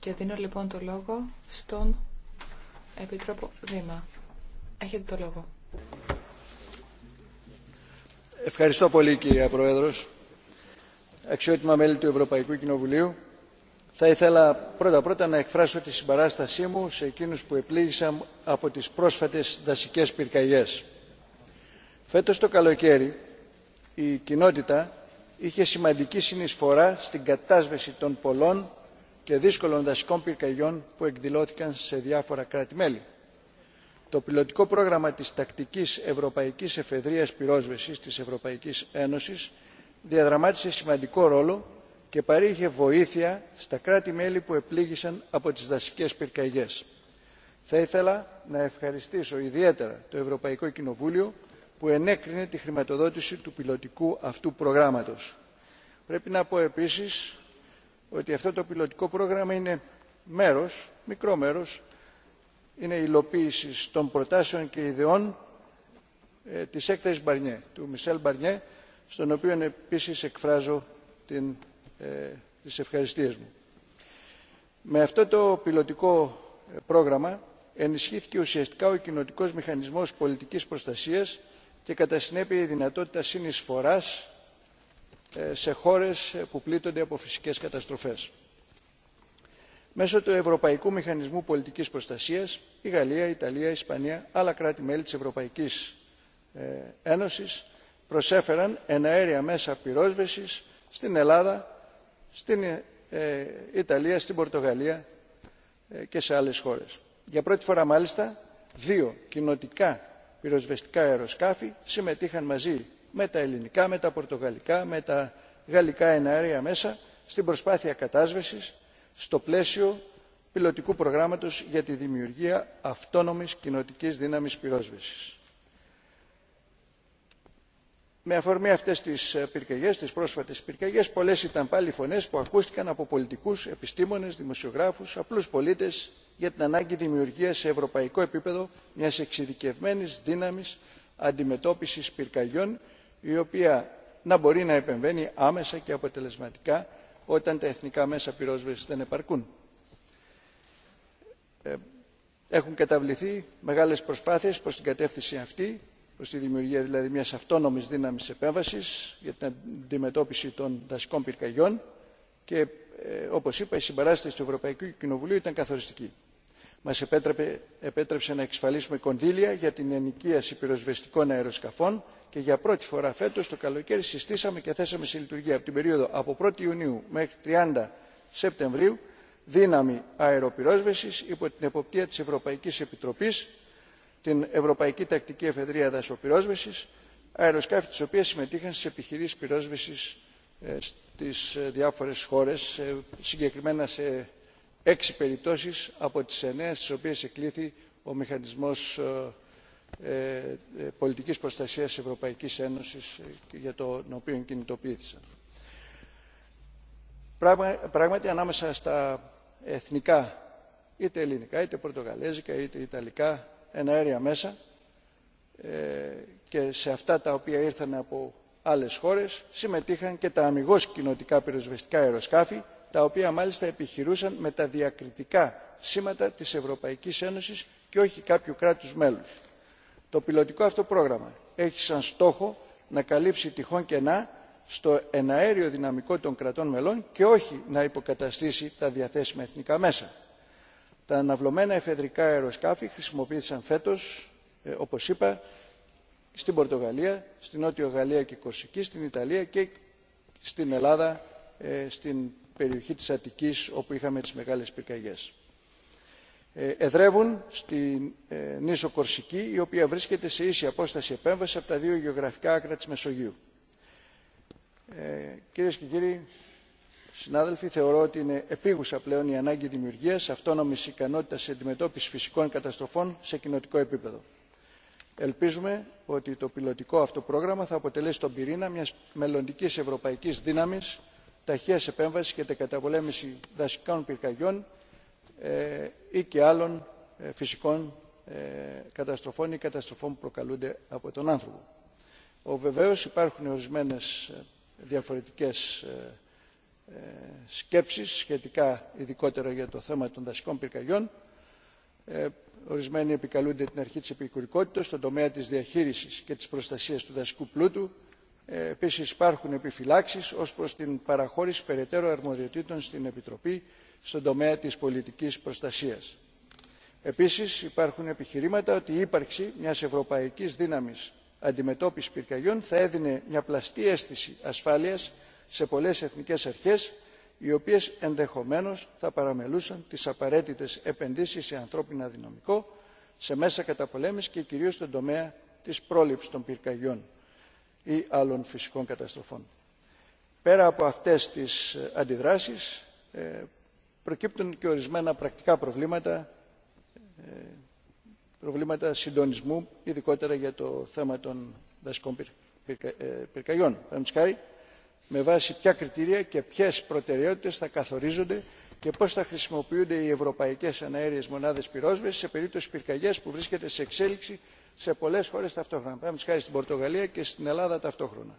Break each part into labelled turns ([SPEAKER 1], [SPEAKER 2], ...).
[SPEAKER 1] Και δίνω λοιπόν το λόγο στον Επιτρόπο Δήμα. Έχετε το λόγο.
[SPEAKER 2] Ευχαριστώ πολύ κύριε Πρόεδρος. Αξιότιμα μέλη του Ευρωπαϊκού Κοινοβουλίου. Θα ήθελα πρώτα-πρώτα να εκφράσω τη συμπαράστασή μου σε εκείνους που επλήγησαν από τις πρόσφατες δασικές πυρκαγιές. Φέτος το καλοκαίρι η κοινότητα είχε σημαντική συνεισφορά στην κατάσβεση των πολλών και δύσκολων δασικών πυρκαγιών που εκδηλώθηκαν σε διάφορα κράτη μέλη. το πιλωτικό πρόγραμμα της τακτικής ευρωπαϊκής εφεδρείας πυρόσβεσης της ευρωπαϊκής ένωσης διαδραμάτισε σημαντικό ρόλο και παρήχε βοήθεια στα κράτη μέλη που επλήγησαν από τις δασικές πυρκαγιές. θα ήθελα να ευχαριστήσω ιδιαίτερα το ευρωπαϊκό κοινοβούλιο που ενέκρινε τη χρηματοδότηση του πιλωτικού αυτού προγράμματος. Πρέπει να πω επίσης ότι αυτό το πιλωτικό πρόγραμμα είναι μέρος, μικρό μέρος, είναι υλοποίηση των προτάσεων και ιδεών ε, της έκθεσης Μπαρνιέ, του Μισελ Μπαρνιέ, στον οποίο επίσης εκφράζω την, ε, τις ευχαριστίες μου. Με αυτό το πιλωτικό ε, πρόγραμμα ενισχύθηκε ουσιαστικά ο κοινοτικός μηχανισμός πολιτικής προστασίας και κατά συνέπεια η δυνατότητα συνεισφοράς ε, σε χώρες ε, που πλήττονται από φυσικές καταστροφές. Μέσω του Ευρωπαϊκού Μηχανισμού Πολιτικής Προστασίας η Γαλλία, η Ιταλία, η Ισπανία, άλλα κράτη-μέλη της Ευρωπαϊκής ε, Ένωσης προσέφεραν εναέρια μέσα πυρόσβεσης στην Ελλάδα, στην Ιταλία, στην Πορτογαλία και σε άλλες χώρες. Για πρώτη φορά μάλιστα δύο κοινοτικά πυροσβεστικά αεροσκάφη συμμετείχαν μαζί με τα ελληνικά με τα πορτογαλικά με τα γαλλικά εναέρια μέσα στην προσπάθεια κατάσβεσης στο πλαίσιο πιλωτικού προγράμματος για τη δημιουργία αυτόνομης κοινοτικής δύναμης πυρόσβεσης με αφορμή αυτέ τι ε, πυρκαγιέ, τι πρόσφατες πυρκαγιές πολλές ήταν πάλι φωνέ φωνές που ακούστηκαν από πολιτικού, επιστήμονε, δημοσιογράφου, απλού πολίτε για την ανάγκη δημιουργία σε ευρωπαϊκό επίπεδο μια εξειδικευμένη δύναμη αντιμετώπιση πυρκαγιών η οποία να μπορεί να επεμβαίνει άμεσα και αποτελεσματικά όταν τα εθνικά μέσα πυρόσβεσης δεν επαρκούν. Ε, έχουν καταβληθεί μεγάλες προσπάθειες προς την κατεύθυνση αυτή Προ τη δημιουργία δηλαδή μια αυτόνομη δύναμη επέμβαση για την αντιμετώπιση των δασικών πυρκαγιών και ε, όπω είπα η συμπαράσταση του Ευρωπαϊκού Κοινοβουλίου ήταν καθοριστική. Μα επέτρεψε να εξασφαλίσουμε κονδύλια για την ενοικίαση πυροσβεστικών αεροσκαφών και για πρώτη φορά φέτο, το καλοκαίρι συστήσαμε και θέσαμε σε λειτουργία από την περίοδο από 1η Ιουνίου μέχρι 30 Σεπτεμβρίου δύναμη αεροπυρόσβεση υπό την εποπτεία τη Ευρωπαϊκή Επιτροπή την Ευρωπαϊκή Τακτική Εφεδρεία δασοπυρόσβεση αεροσκάφη τη οποία συμμετείχαν στι επιχειρήσεις πυρόσβεση ε, στι ε, διάφορες χώρες, συγκεκριμένα σε έξι περιπτώσεις από τις εννέα στις οποίες εκλήθη ο μηχανισμός ε, πολιτικής προστασίας Ευρωπαϊκής Ένωση, για τον οποίο κινητοποιήθησαν. Πράγματι ανάμεσα στα εθνικά είτε ελληνικά είτε πορτογαλέζικα είτε ιταλικά εναέρια μέσα ε, και σε αυτά τα οποία ήρθαν από άλλες χώρες συμμετείχαν και τα αμυγός κοινοτικά πυροσβεστικά αεροσκάφη τα οποία μάλιστα επιχειρούσαν με τα διακριτικά σήματα της Ευρωπαϊκής Ένωσης και όχι κάποιου κράτους μέλους. Το πιλωτικό αυτό πρόγραμμα έχει σαν στόχο να καλύψει τυχόν κενά στο εναέριο δυναμικό των κρατών μελών και όχι να υποκαταστήσει τα διαθέσιμα εθνικά μέσα τα αναβλωμένα εφεδρικά αεροσκάφη χρησιμοποίησαν φέτος ε, όπως είπα στην πορτογαλία στην νότιο γαλλία και κορσική στην ιταλία και στην ελλάδα ε, στην περιοχή της αττικής όπου είχαμε τις μεγάλες πυρκαγιές. Ε, εδρεύουν στην νήσο κορσική η οποία βρίσκεται σε ίση απόσταση επέμβαση από τα δύο γεωγραφικά άκρα της μεσογείου. κυρίες και κύριοι συνάδελφοι θεωρώ ότι είναι επίγουσα πλέον η ανάγκη αυτόνομη ικανότητα σε αντιμετώπιση φυσικών καταστροφών σε κοινοτικό επίπεδο. ελπίζουμε ότι το πιλωτικό αυτό πρόγραμμα θα αποτελέσει τον πυρήνα μια μελλοντική ευρωπαϊκή δύναμη, ταχεία επέμβαση και καταπολέμηση δασικών πυρκαγιών ε, ή και άλλων ε, φυσικών ε, καταστροφών ή καταστροφών που προκαλούνται από τον άνθρωπο. βεβαίω υπάρχουν ορισμένε διαφορετικέ. Ε, σκέψεις σχετικά ειδικότερα για το θέμα των δασικών πυρκαγιών. Ε, ορισμένοι επικαλούνται την αρχή της επικουρικότητας στον τομέα της διαχείρισης και της προστασίας του δασικού πλούτου. Ε, επίσης υπάρχουν επιφυλάξεις ως προς την παραχώρηση περαιτέρω αρμοδιοτήτων στην Επιτροπή στον τομέα της πολιτικής προστασίας. Επίσης υπάρχουν επιχειρήματα ότι η ύπαρξη μιας ευρωπαϊκής δύναμης αντιμετώπισης πυρκαγιών θα έδινε μια πλαστή αίσθηση ασφάλειας σε πολλές εθνικές αρχές οι οποίες ενδεχομένως θα παραμελούσαν τις απαραίτητες επενδύσεις σε ανθρώπινο δυναμικό σε μέσα καταπολέμησης και κυρίως στον τομέα της πρόληψης των πυρκαγιών ή άλλων φυσικών καταστροφών. πέρα από αυτές τις ε, αντιδράσεις ε, προκύπτουν και ορισμένα πρακτικά προβλήματα ε, προβλήματα συντονισμού ειδικότερα για το θέμα των δασικών πυρκαγιών με βάση ποια κριτήρια και ποιες προτεραιότητες θα καθορίζονται και πώς θα χρησιμοποιούνται οι ευρωπαϊκές Αναέριες μονάδες πυρόσβεσης σε περίπτωση πυρκαγιάς που βρίσκεται σε εξέλιξη σε πολλές χώρες ταυτόχρονα παραδείγματος χάρη στην πορτογαλία και στην ελλάδα ταυτόχρονα.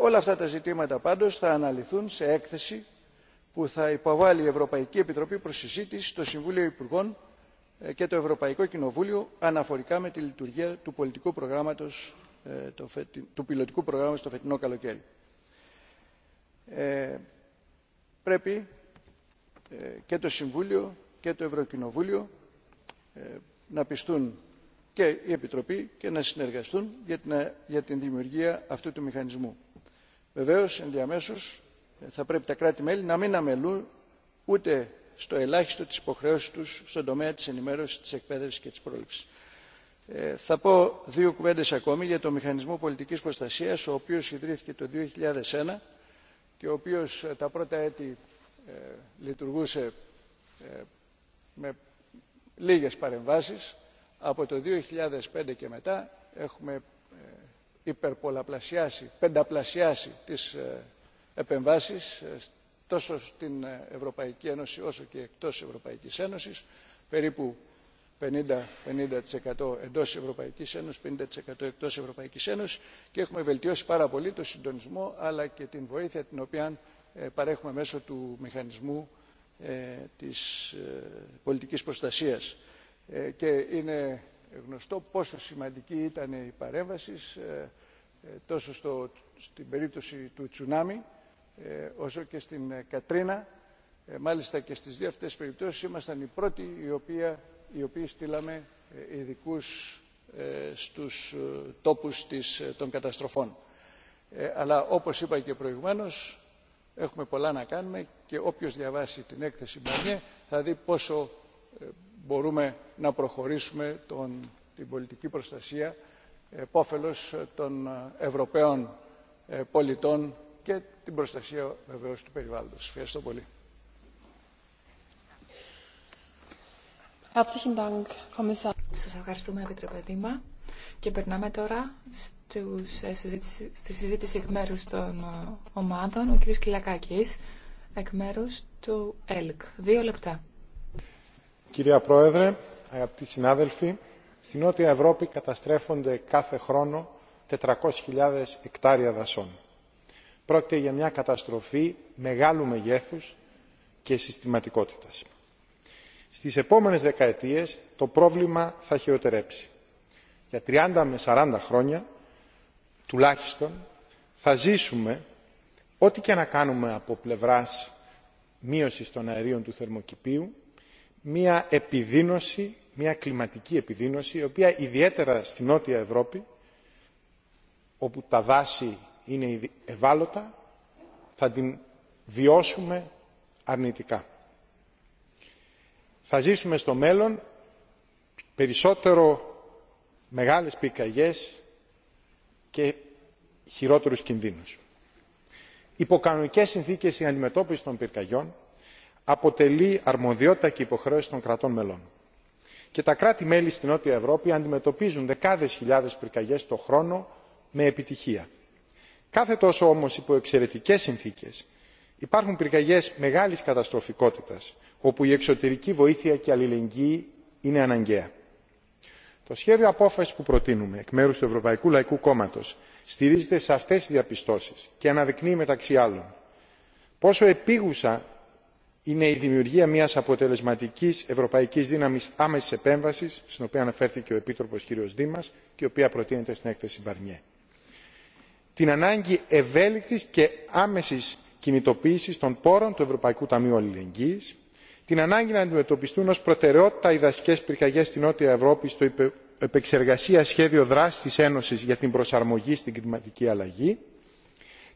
[SPEAKER 2] όλα αυτά τα ζητήματα πάντως θα αναλυθούν σε έκθεση που θα υποβάλει η ευρωπαϊκή επιτροπή προς συζήτηση στο συμβούλιο υπουργών ε, και το ευρωπαϊκό κοινοβούλιο αναφορικά με τη λειτουργία του πολιτικού προγράμματος ε, του πιλωτικού προγράμματος το φετινό καλοκαίρι. Ε, πρέπει ε, και το Συμβούλιο και το Ευρωκοινοβούλιο ε, να πιστούν και η Επιτροπή και να συνεργαστούν για την δημιουργία αυτού του μηχανισμού. Βεβαίως, ενδιαμέσως, θα πρέπει τα κράτη-μέλη να μην αμελούν ούτε στο ελάχιστο τις υποχρεώσεις τους στον τομέα της ενημέρωσης, της εκπαίδευσης και της πρόληψης. θα πω δύο κουβέντες ακόμη για το Μηχανισμό Πολιτικής Προστασίας, ο οποίος ιδρύθηκε το 2001 και ο οποίος ε, τα πρώτα έτη ε, λειτουργούσε ε, με λίγες παρεμβάσεις. Από το 2005 και μετά έχουμε υπερπολαπλασιάσει, πενταπλασιάσει τις επεμβάσεις τόσο στην Ευρωπαϊκή Ένωση όσο και εκτός Ευρωπαϊκής Ένωσης περίπου 50% εντό Ευρωπαϊκή Ένωση, 50% εκτό Ευρωπαϊκή Ένωση και έχουμε βελτιώσει πάρα πολύ το συντονισμό αλλά και την βοήθεια την οποία ε, παρέχουμε μέσω του μηχανισμού ε, τη ε, πολιτική προστασία. Και είναι γνωστό πόσο σημαντική ήταν η παρέμβαση τόσο στο, στην περίπτωση του τσουνάμι όσο και στην κατρίνα. Μάλιστα και στις δύο αυτές τις περιπτώσεις ήμασταν οι πρώτοι οι οποίοι οι οποίοι στείλαμε ε, ειδικού ε, στους ε, τόπους των καταστροφών. Αλλά όπως είπα και προηγουμένως έχουμε πολλά να κάνουμε και όποιος διαβάσει την έκθεση Μπαρνιέ θα δει πόσο μπορούμε να προχωρήσουμε τον, την πολιτική προστασία επόφελος των Ευρωπαίων πολιτών και την προστασία βεβαίως του περιβάλλοντος. Ευχαριστώ πολύ.
[SPEAKER 1] Σας ευχαριστούμε, Επίτροπε Δήμα. Και περνάμε τώρα ε, στη συζήτηση εκ μέρου των ε, ομάδων. Ο κ. Κυλακάκης, εκ μέρου του ΕΛΚ. Δύο λεπτά.
[SPEAKER 3] Κυρία Πρόεδρε, αγαπητοί συνάδελφοι, στην Νότια Ευρώπη καταστρέφονται κάθε χρόνο 400.000 εκτάρια δασών. Πρόκειται για μια καταστροφή μεγάλου μεγέθους και συστηματικότητας στις επόμενες δεκαετίες το πρόβλημα θα χειροτερέψει. για 30 με 40 χρόνια τουλάχιστον θα ζήσουμε ό,τι και να κάνουμε από πλευράς μείωσης των αερίων του θερμοκηπίου μια επιδείνωση, μια κλιματική επιδείνωση η οποία ιδιαίτερα στη Νότια Ευρώπη όπου τα δάση είναι ευάλωτα θα την βιώσουμε αρνητικά θα ζήσουμε στο μέλλον περισσότερο μεγάλες πυρκαγιές και χειρότερους κινδύνους. Υπό κανονικές συνθήκες η αντιμετώπιση των πυρκαγιών αποτελεί αρμοδιότητα και υποχρέωση των κρατών μελών. Και τα κράτη-μέλη στην Νότια Ευρώπη αντιμετωπίζουν δεκάδες χιλιάδες πυρκαγιές το χρόνο με επιτυχία. Κάθε τόσο όμως υπό εξαιρετικές συνθήκες υπάρχουν πυρκαγιές μεγάλης καταστροφικότητας όπου η εξωτερική βοήθεια και αλληλεγγύη είναι αναγκαία. το σχέδιο απόφασης που προτείνουμε εκ μέρους του ευρωπαϊκού λαϊκού κόμματος στηρίζεται σε αυτές τις διαπιστώσεις και αναδεικνύει μεταξύ άλλων πόσο επίγουσα είναι η δημιουργία μιας αποτελεσματικής ευρωπαϊκής δύναμης άμεσης επέμβασης στην οποία αναφέρθηκε ο επίτροπος κ. δήμας και η οποία προτείνεται στην έκθεση Μπαρνιέ. την ανάγκη ευέλικτης και άμεσης κινητοποίησης των πόρων του ευρωπαϊκού ταμείου αλληλεγγύης την ανάγκη να αντιμετωπιστούν ως προτεραιότητα οι δασικές πυρκαγιές στη νότια ευρώπη στο επεξεργασία σχέδιο δράσης της ένωσης για την προσαρμογή στην κλιματική αλλαγή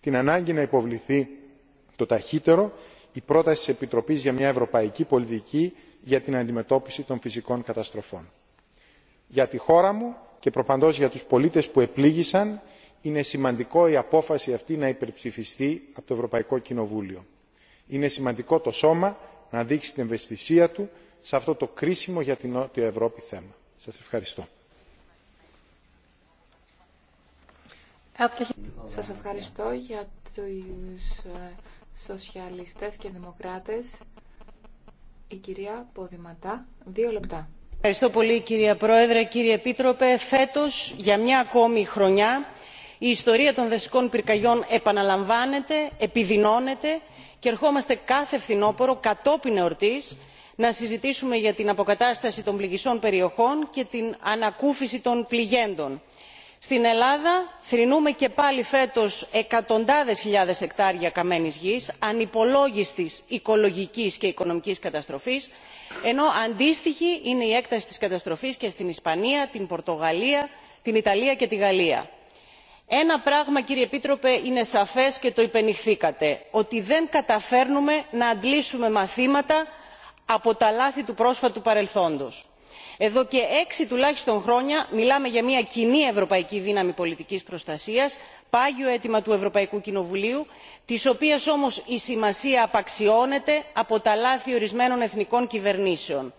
[SPEAKER 3] την ανάγκη να υποβληθεί το ταχύτερο η πρόταση της επιτροπής για μια ευρωπαϊκή πολιτική για την αντιμετώπιση των φυσικών καταστροφών. για τη χώρα μου και προφανώς για τους πολίτες που επλήγησαν είναι σημαντικό η απόφαση αυτή να υπερψηφιστεί από το ευρωπαϊκό κοινοβούλιο. είναι σημαντικό το σώμα να δείξει την ευαισθησία του σε αυτό το κρίσιμο για την νότια ευρώπη θέμα. σας ευχαριστώ.
[SPEAKER 1] Σας ευχαριστώ για τους ε, σοσιαλιστές και δημοκράτες. Η κυρία Ποδηματά, δύο λεπτά.
[SPEAKER 4] Ευχαριστώ πολύ κυρία Πρόεδρε, κύριε Επίτροπε. Φέτος, για μια ακόμη χρονιά, η ιστορία των δασικών πυρκαγιών επαναλαμβάνεται επιδεινώνεται και ερχόμαστε κάθε φθινόπωρο κατόπιν εορτής να συζητήσουμε για την αποκατάσταση των πληγυσών περιοχών και την ανακούφιση των πληγέντων. στην ελλάδα θρηνούμε και πάλι φέτος εκατοντάδες χιλιάδες εκτάρια καμένης γης ανυπολόγιστης οικολογικής και οικονομικής καταστροφής ενώ αντίστοιχη είναι η έκταση της καταστροφής και στην ισπανία την πορτογαλία την ιταλία και τη γαλλία ένα πράγμα κύριε επίτροπε είναι σαφές και το υπενηχθήκατε ότι δεν καταφέρνουμε να αντλήσουμε μαθήματα από τα λάθη του πρόσφατου παρελθόντος. εδώ και έξι τουλάχιστον χρόνια μιλάμε για μια κοινή ευρωπαϊκή δύναμη πολιτικής προστασίας πάγιο αίτημα του ευρωπαϊκού κοινοβουλίου της οποίας όμως η σημασία απαξιώνεται από τα λάθη ορισμένων εθνικών κυβερνήσεων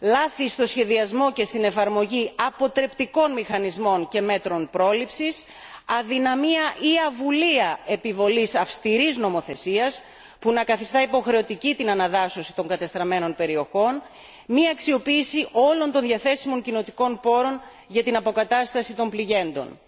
[SPEAKER 4] λάθη στο σχεδιασμό και στην εφαρμογή αποτρεπτικών μηχανισμών και μέτρων πρόληψης αδυναμία ή αβουλία επιβολής αυστηρής νομοθεσίας που να καθιστά υποχρεωτική την αναδάσωση των κατεστραμμένων περιοχών μη αξιοποίηση όλων των διαθέσιμων κοινοτικών πόρων για την αποκατάσταση των πληγέντων.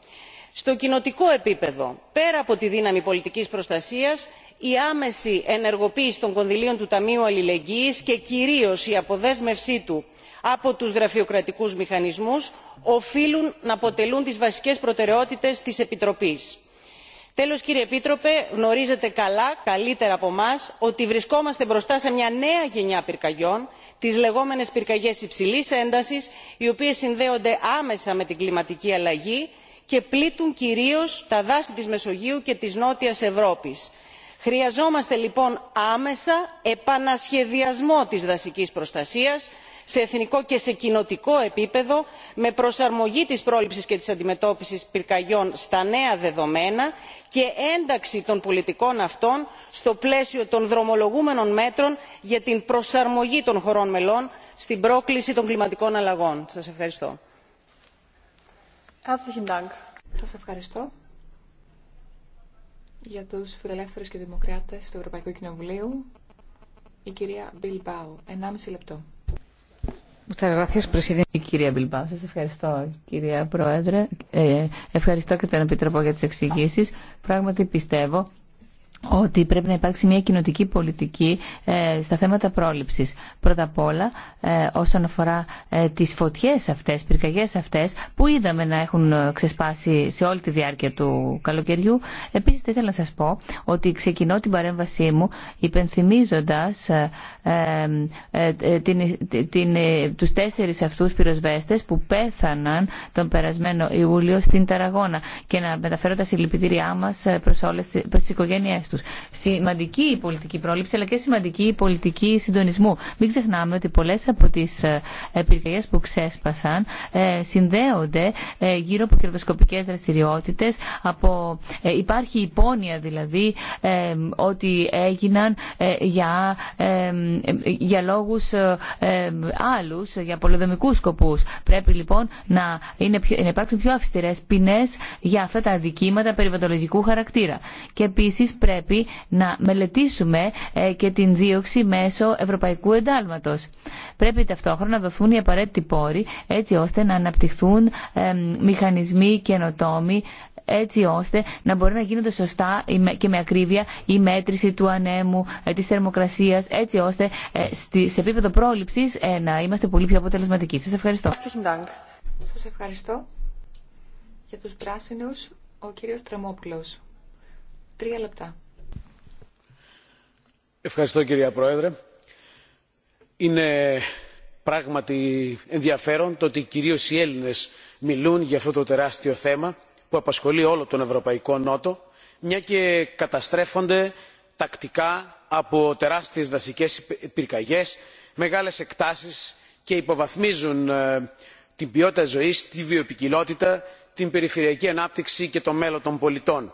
[SPEAKER 4] στο κοινοτικό επίπεδο πέρα από τη δύναμη πολιτικής προστασίας η άμεση ενεργοποίηση των κονδυλίων του ταμείου αλληλεγγύης και κυρίως η αποδέσμευσή του από τους γραφειοκρατικούς μηχανισμούς οφείλουν να αποτελούν τις βασικές προτεραιότητες της επιτροπής. τέλος κύριε επίτροπε γνωρίζετε καλά καλύτερα από εμάς ότι βρισκόμαστε μπροστά σε μια νέα γενιά πυρκαγιών τις λεγόμενες πυρκαγιές υψηλής έντασης οι οποίες συνδέονται άμεσα με την κλιματική αλλαγή και πλήττουν κυρίως τα δάση της μεσογείου και της νότιας ευρώπης χρειαζόμαστε λοιπόν άμεσα επανασχεδιασμό της δασικής προστασίας σε εθνικό και σε κοινοτικό επίπεδο με προσαρμογή της πρόληψης και της αντιμετώπισης πυρκαγιών στα νέα δεδομένα και ένταξη των πολιτικών αυτών στο πλαίσιο των δρομολογούμενων μέτρων για την προσαρμογή των χωρών μελών στην πρόκληση των κλιματικών αλλαγών. σας ευχαριστώ.
[SPEAKER 1] Σας ευχαριστώ. Για τους φιλελεύθερους και δημοκράτες του Ευρωπαϊκού Κοινοβουλίου, η κυρία Μπιλμπάου, 1,5 λεπτό.
[SPEAKER 5] Κυρία Μπιλμπάου, σας ευχαριστώ κυρία Πρόεδρε. Ε, ευχαριστώ και τον Επιτροπό για τις εξηγήσεις. Πράγματι πιστεύω ότι πρέπει να υπάρξει μια κοινοτική πολιτική ε, στα θέματα πρόληψης. Πρώτα απ' όλα ε, όσον αφορά ε, τις φωτιές αυτές, πυρκαγιές αυτές που είδαμε να έχουν ξεσπάσει σε όλη τη διάρκεια του καλοκαιριού. Επίσης θα ήθελα να σας πω ότι ξεκινώ την παρέμβασή μου υπενθυμίζοντας τους τέσσερις αυτούς πυροσβέστες που πέθαναν τον περασμένο Ιούλιο στην Ταραγώνα και να μεταφέρω τα συλληπιτήριά μας προς, όλες, προς τις οικογένειές Σημαντική η πολιτική πρόληψη αλλά και σημαντική η πολιτική συντονισμού. Μην ξεχνάμε ότι πολλέ από τι ε, πυρκαγιέ που ξέσπασαν ε, συνδέονται ε, γύρω από κερδοσκοπικέ δραστηριότητε, Από... Υπάρχει υπόνοια δηλαδή ότι έγιναν για, για λόγους άλλους, για πολυδομικούς σκοπού. Πρέπει λοιπόν να, είναι πιο, να υπάρξουν πιο αυστηρέ ποινέ για αυτά τα αδικήματα περιβαλλοντικού χαρακτήρα. Και επίση πρέπει πρέπει να μελετήσουμε ε, και την δίωξη μέσω ευρωπαϊκού Εντάλματο. Πρέπει ταυτόχρονα να δοθούν οι απαραίτητοι πόροι έτσι ώστε να αναπτυχθούν μηχανισμοί καινοτόμοι έτσι ώστε να μπορεί να γίνονται σωστά και με ακρίβεια η μέτρηση του ανέμου, ε, της θερμοκρασίας, έτσι ώστε ε, σε επίπεδο πρόληψης να είμαστε πολύ πιο αποτελεσματικοί. Σα ευχαριστώ.
[SPEAKER 1] Σα ευχαριστώ. Για τους πράσινους, ο κύριος Τρεμόπουλος. Τρία λεπτά.
[SPEAKER 6] Ευχαριστώ κυρία Πρόεδρε. Είναι πράγματι ενδιαφέρον το ότι κυρίως οι Έλληνες μιλούν για αυτό το τεράστιο θέμα που απασχολεί όλο τον Ευρωπαϊκό Νότο μια και καταστρέφονται τακτικά από τεράστιες δασικές πυρκαγιές μεγάλες εκτάσεις και υποβαθμίζουν ε, την ποιότητα ζωής τη βιοποικιλότητα την περιφερειακή ανάπτυξη και το μέλλον των πολιτών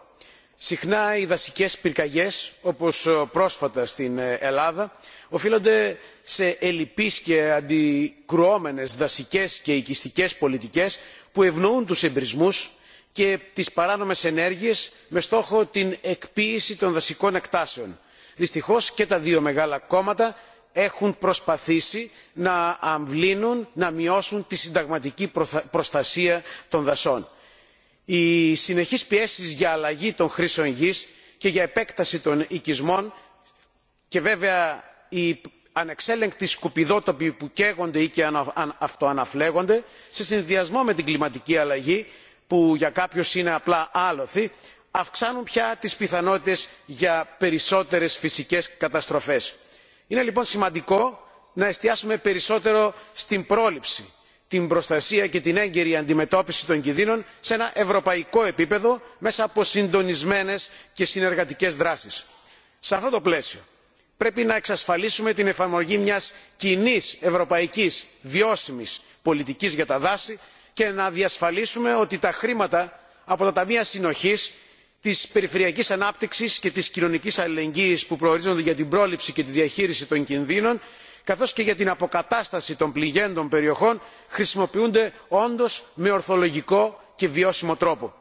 [SPEAKER 6] συχνά οι δασικές πυρκαγιές όπως ε, πρόσφατα στην ε, ελλάδα οφείλονται σε ελλειπείς και αντικρουόμενες δασικές και οικιστικές πολιτικές που ευνοούν τους εμπρισμούς και τις παράνομες ενέργειες με στόχο την εκποίηση των δασικών εκτάσεων. δυστυχώς και τα δύο μεγάλα κόμματα έχουν προσπαθήσει να αμβλύνουν να μειώσουν τη συνταγματική προστασία των δασών οι συνεχείς πιέσεις για αλλαγή των χρήσεων γης και για επέκταση των οικισμών και βέβαια οι ανεξέλεγκτοι σκουπιδότοποι που καίγονται ή και αυτοαναφλέγονται σε συνδυασμό με την κλιματική αλλαγή που για κάποιους είναι απλά άλοθη αυξάνουν πια τις πιθανότητες για περισσότερες φυσικές καταστροφές. είναι λοιπόν σημαντικό να εστιάσουμε περισσότερο στην πρόληψη την προστασία και την έγκαιρη αντιμετώπιση των κινδύνων σε ένα ευρωπαϊκό επίπεδο μέσα από συντονισμένε και συνεργατικέ δράσει. σε αυτό το πλαίσιο πρέπει να εξασφαλίσουμε την εφαρμογή μιας κοινή ευρωπαϊκής βιώσιμης πολιτικής για τα δάση και να διασφαλίσουμε ότι τα χρήματα από τα ταμεία συνοχή της περιφερειακής ανάπτυξης και της κοινωνικής αλληλεγγύης που προορίζονται για την πρόληψη και τη διαχείριση των κινδύνων καθώς και για την αποκατάσταση των πληγέντων περιοχών χρησιμοποιούνται όντως με ορθολογικό και βιώσιμο τρόπο.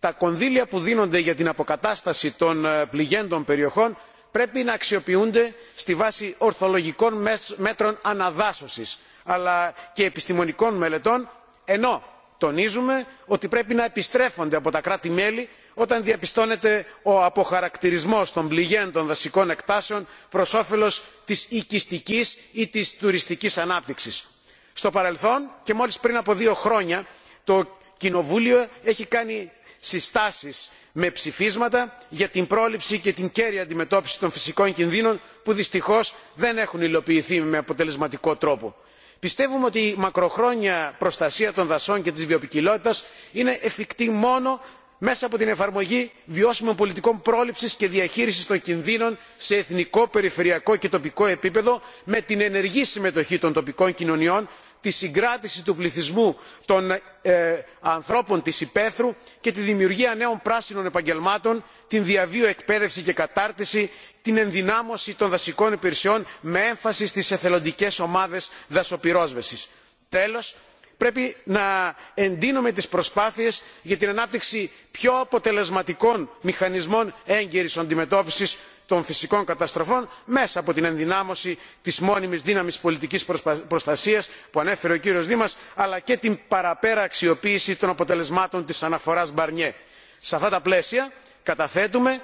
[SPEAKER 6] τα κονδύλια που δίνονται για την αποκατάσταση των ε, πληγέντων περιοχών πρέπει να αξιοποιούνται στη βάση ορθολογικών μέτρων αναδάσωσης αλλά και επιστημονικών μελετών ενώ τονίζουμε ότι πρέπει να επιστρέφονται από τα κράτη μέλη όταν διαπιστώνεται ο αποχαρακτηρισμός των πληγέντων δασικών εκτάσεων προς όφελος της οικιστικής ή της τουριστικής ανάπτυξης. στο παρελθόν και μόλις πριν από δύο χρόνια το κοινοβούλιο έχει κάνει συστάσεις με ψηφίσματα για την πρόληψη και την κέρια αντιμετώπιση των φυσικών κινδύνων που δυστυχώς δεν έχουν υλοποιηθεί με αποτελεσματικό τρόπο πιστεύουμε ότι η μακροχρόνια προστασία των δασών και της βιοποικιλότητας είναι εφικτή μόνο μέσα από την εφαρμογή βιώσιμων πολιτικών πρόληψης και διαχείρισης των κινδύνων σε εθνικό περιφερειακό και τοπικό επίπεδο με την ενεργή συμμετοχή των τοπικών κοινωνιών τη συγκράτηση του πληθυσμού των ε, ανθρώπων της υπαίθρου και τη δημιουργία νέων πράσινων επαγγελμάτων την διαβίω εκπαίδευση και κατάρτιση την ενδυνάμωση των δασικών υπηρεσιών με έμφαση στις εθελοντικές ομάδες δασοπυρόσβεσης. τέλος πρέπει να εντείνουμε τις προσπάθειες για την ανάπτυξη πιο αποτελεσματικών μηχανισμών έγκαιρης αντιμετώπισης των φυσικών καταστροφών μέσα από την ενδυνάμωση της μόνιμης δύναμης πολιτικής προστασίας που ανέφερε ο κύριος δήμας αλλά και την παραπέρα αξιοποίηση των αποτελεσμάτων της αναφοράς μπαρνιέ. σε αυτά τα πλαίσια καταθέτουμε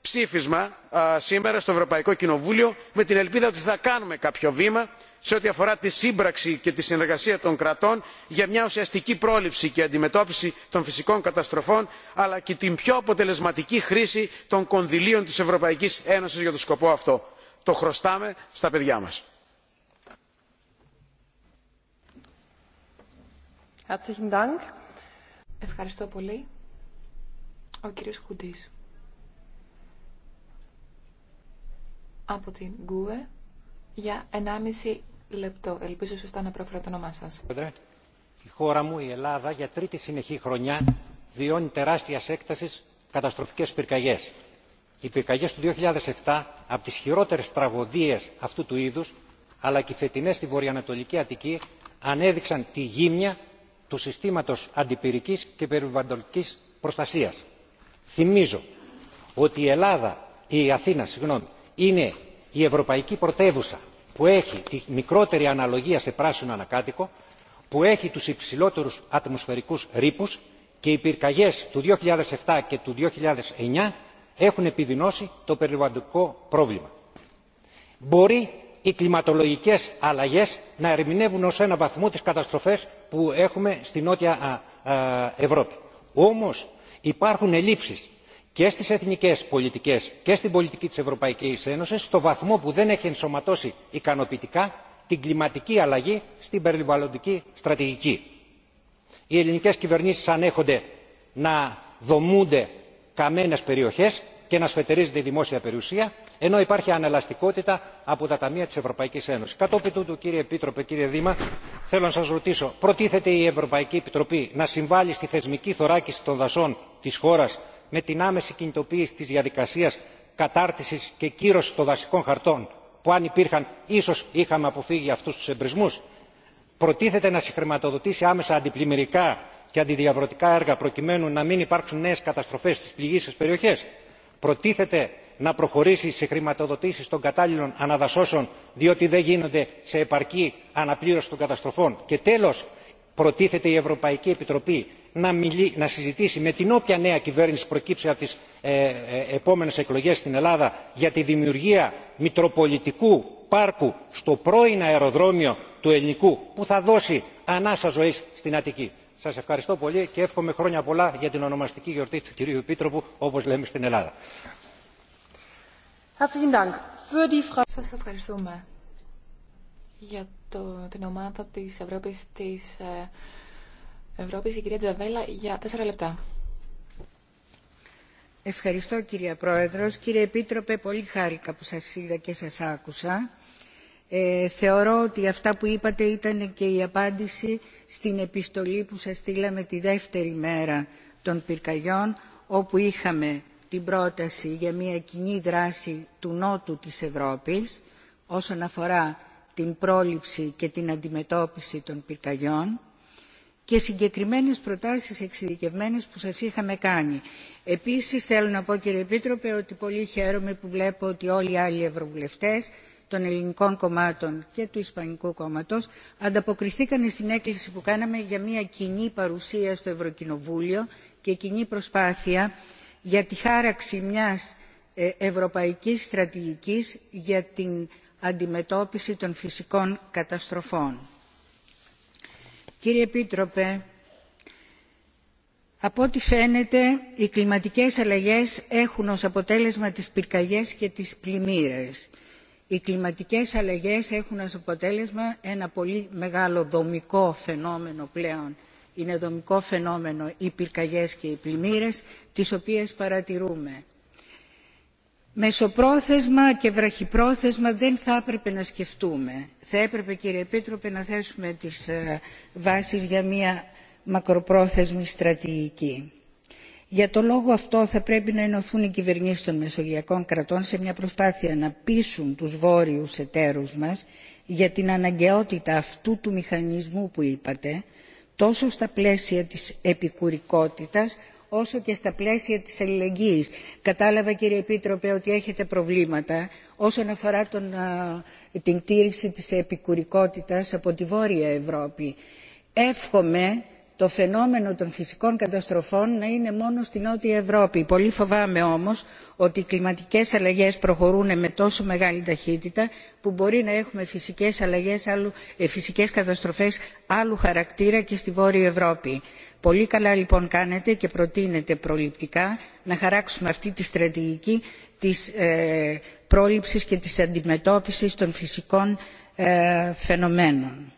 [SPEAKER 6] ψήφισμα σήμερα στο ευρωπαϊκό κοινοβούλιο με την ελπίδα ότι θα κάνουμε κάποιο βήμα σε ό,τι αφορά τη σύμπραξη και τη συνεργασία των κρατών για μια ουσιαστική πρόληψη και αντιμετώπιση των φυσικών καταστροφών αλλά και την πιο αποτελεσματική χρήση των κονδυλίων της ευρωπαϊκής ένωσης για τον σκοπό αυτό. το χρωστάμε στα παιδιά μας.
[SPEAKER 1] Ευχαριστώ πολύ. Ο κύριος Χουντής. από την Γκουε για 1,5 λεπτό. Ελπίζω σωστά να προφέρω το όνομά σας.
[SPEAKER 7] Η χώρα μου, η Ελλάδα, για τρίτη συνεχή χρονιά βιώνει τεράστια έκταση καταστροφικές πυρκαγιές. Οι πυρκαγιές του 2007, από τις χειρότερες τραγωδίες αυτού του είδους, αλλά και οι φετινές στη βορειοανατολική Αττική, ανέδειξαν τη γύμνια του συστήματος αντιπυρικής και περιβαλλοντικής προστασίας. Θυμίζω ότι η Ελλάδα, η Αθήνα, συγγνώμη, είναι η ευρωπαϊκή πρωτεύουσα που έχει τη μικρότερη αναλογία σε πράσινο ανακάτοικο που έχει τους υψηλότερους ατμοσφαιρικούς ρήπους και οι πυρκαγιές του 2007 και του 2009 έχουν επιδεινώσει το περιβαλλοντικό πρόβλημα. Μπορεί οι κλιματολογικές αλλαγές να ερμηνεύουν ως ένα βαθμό τις καταστροφές που έχουμε στη νότια Ευρώπη. Όμως υπάρχουν ελλείψεις και στις εθνικές πολιτικές και στην πολιτική της ευρωπαϊκής ένωσης στο βαθμό που δεν έχει ενσωματώσει ικανοποιητικά την κλιματική αλλαγή στην περιβαλλοντική στρατηγική. οι ελληνικές κυβερνήσεις ανέχονται να δομούνται καμένες περιοχές και να σφετερίζεται η δημόσια περιουσία ενώ υπάρχει ανελαστικότητα από τα ταμεία της ευρωπαϊκής ένωσης. κατόπιν τούτου κύριε επίτροπε κύριε δήμα θέλω να σας ρωτήσω προτίθεται η ευρωπαϊκή επιτροπή να συμβάλει στη θεσμική θωράκιση των δασών της χώρας με την άμεση κινητοποίηση της διαδικασίας κατάρτισης και κύρωσης των δασικών χαρτών που αν υπήρχαν ίσως είχαμε αποφύγει αυτούς τους εμπρισμού. προτίθεται να συγχρηματοδοτήσει άμεσα αντιπλημμυρικά και αντιδιαβρωτικά έργα προκειμένου να μην υπάρξουν νέες καταστροφές στις πληγείσες περιοχές; προτίθεται να προχωρήσει σε χρηματοδοτήσεις των κατάλληλων αναδασώσεων διότι δεν γίνονται σε επαρκή αναπλήρωση των καταστροφών; και τέλος προτίθεται η ευρωπαϊκή επιτροπή να, συζητήσει με την όποια νέα κυβέρνηση προκύψει από τις ε, ε, επόμενες εκλογές στην ελλάδα για τη δημιουργία μητροπολιτικού πάρκου στο πρώην αεροδρόμιο του ελληνικού που θα δώσει ανάσα ζωή στην αττική. Σα ευχαριστώ πολύ και εύχομαι χρόνια πολλά για την ονομαστική γιορτή του κυρίου επίτροπου όπω λέμε στην ελλάδα.
[SPEAKER 1] Ευρώπης, η κυρία Τζαβέλα, για τέσσερα λεπτά.
[SPEAKER 8] Ευχαριστώ κύρια Πρόεδρος. Κύριε Επίτροπε, πολύ χάρηκα που σας είδα και σας άκουσα. Ε, θεωρώ ότι αυτά που είπατε ήταν και η απάντηση στην επιστολή που σας στείλαμε τη δεύτερη μέρα των πυρκαγιών, όπου είχαμε την πρόταση για μια κοινή δράση του Νότου της Ευρώπης όσον αφορά την πρόληψη και την αντιμετώπιση των πυρκαγιών και συγκεκριμένες προτάσεις εξειδικευμένες που σας είχαμε κάνει. Επίσης θέλω να πω κύριε Επίτροπε ότι πολύ χαίρομαι που βλέπω ότι όλοι οι άλλοι ευρωβουλευτές των ελληνικών κομμάτων και του Ισπανικού κόμματο ανταποκριθήκαν στην έκκληση που κάναμε για μια κοινή παρουσία στο Ευρωκοινοβούλιο και κοινή προσπάθεια για τη χάραξη μιας ε, ευρωπαϊκής στρατηγικής για την αντιμετώπιση των φυσικών καταστροφών. Κύριε Επίτροπε, από ό,τι φαίνεται οι κλιματικές αλλαγές έχουν ως αποτέλεσμα τις πυρκαγιές και τις πλημμύρες. Οι κλιματικές αλλαγές έχουν ως αποτέλεσμα ένα πολύ μεγάλο δομικό φαινόμενο πλέον. Είναι δομικό φαινόμενο οι πυρκαγιές και οι πλημμύρες, τις οποίες παρατηρούμε μεσοπρόθεσμα και βραχυπρόθεσμα δεν θα έπρεπε να σκεφτούμε. Θα έπρεπε κύριε Επίτροπε να θέσουμε τις ε, βάσεις για μια μακροπρόθεσμη στρατηγική. Για το λόγο αυτό θα πρέπει να ενωθούν οι κυβερνήσεις των μεσογειακών κρατών σε μια προσπάθεια να πείσουν τους βόρειους εταίρους μας για την αναγκαιότητα αυτού του μηχανισμού που είπατε τόσο στα πλαίσια της επικουρικότητας όσο και στα πλαίσια της αλληλεγγύης. Κατάλαβα κύριε Επίτροπε ότι έχετε προβλήματα όσον αφορά τον, την τήρηση της επικουρικότητας από τη Βόρεια Ευρώπη. Εύχομαι το φαινόμενο των φυσικών καταστροφών να είναι μόνο στη νότια ευρώπη. πολύ φοβάμαι όμως ότι οι κλιματικές αλλαγές προχωρούν με τόσο μεγάλη ταχύτητα που μπορεί να έχουμε φυσικές, αλλαγές, ε, καταστροφές άλλου χαρακτήρα και στη βόρεια ευρώπη. πολύ καλά λοιπόν κάνετε και προτείνετε προληπτικά να χαράξουμε αυτή τη στρατηγική της ε, πρόληψης και της αντιμετώπισης των φυσικών ε, φαινομένων.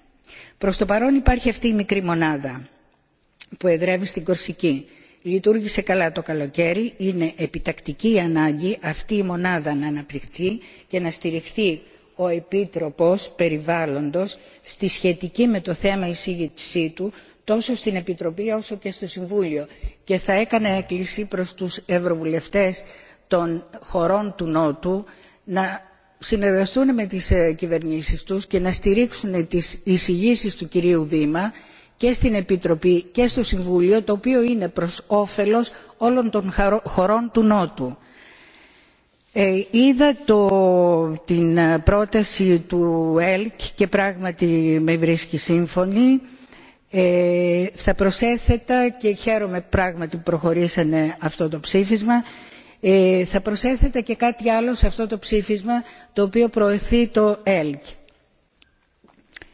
[SPEAKER 8] προς το παρόν υπάρχει αυτή η μικρή μονάδα που εδρεύει στην Κορσική. Λειτουργήσε καλά το καλοκαίρι, είναι επιτακτική ανάγκη αυτή η μονάδα να αναπτυχθεί και να στηριχθεί ο Επίτροπος Περιβάλλοντος στη σχετική με το θέμα εισήγησή του τόσο στην Επιτροπή όσο και στο Συμβούλιο και θα έκανε έκκληση προς τους ευρωβουλευτές των χωρών του Νότου να συνεργαστούν με τις ε, κυβερνήσεις τους και να στηρίξουν τις εισηγήσεις του κυρίου Δήμα και στην Επιτροπή και στο Συμβούλιο, το οποίο είναι προς όφελος όλων των χωρών του Νότου. Ε, είδα την ε, πρόταση του ΕΛΚ και πράγματι με βρίσκει σύμφωνη. Ε, θα προσέθετα και χαίρομαι πράγματι που προχωρήσανε αυτό το ψήφισμα θα προσέθετα και κάτι άλλο σε αυτό το ψήφισμα το οποίο προωθεί το ελκ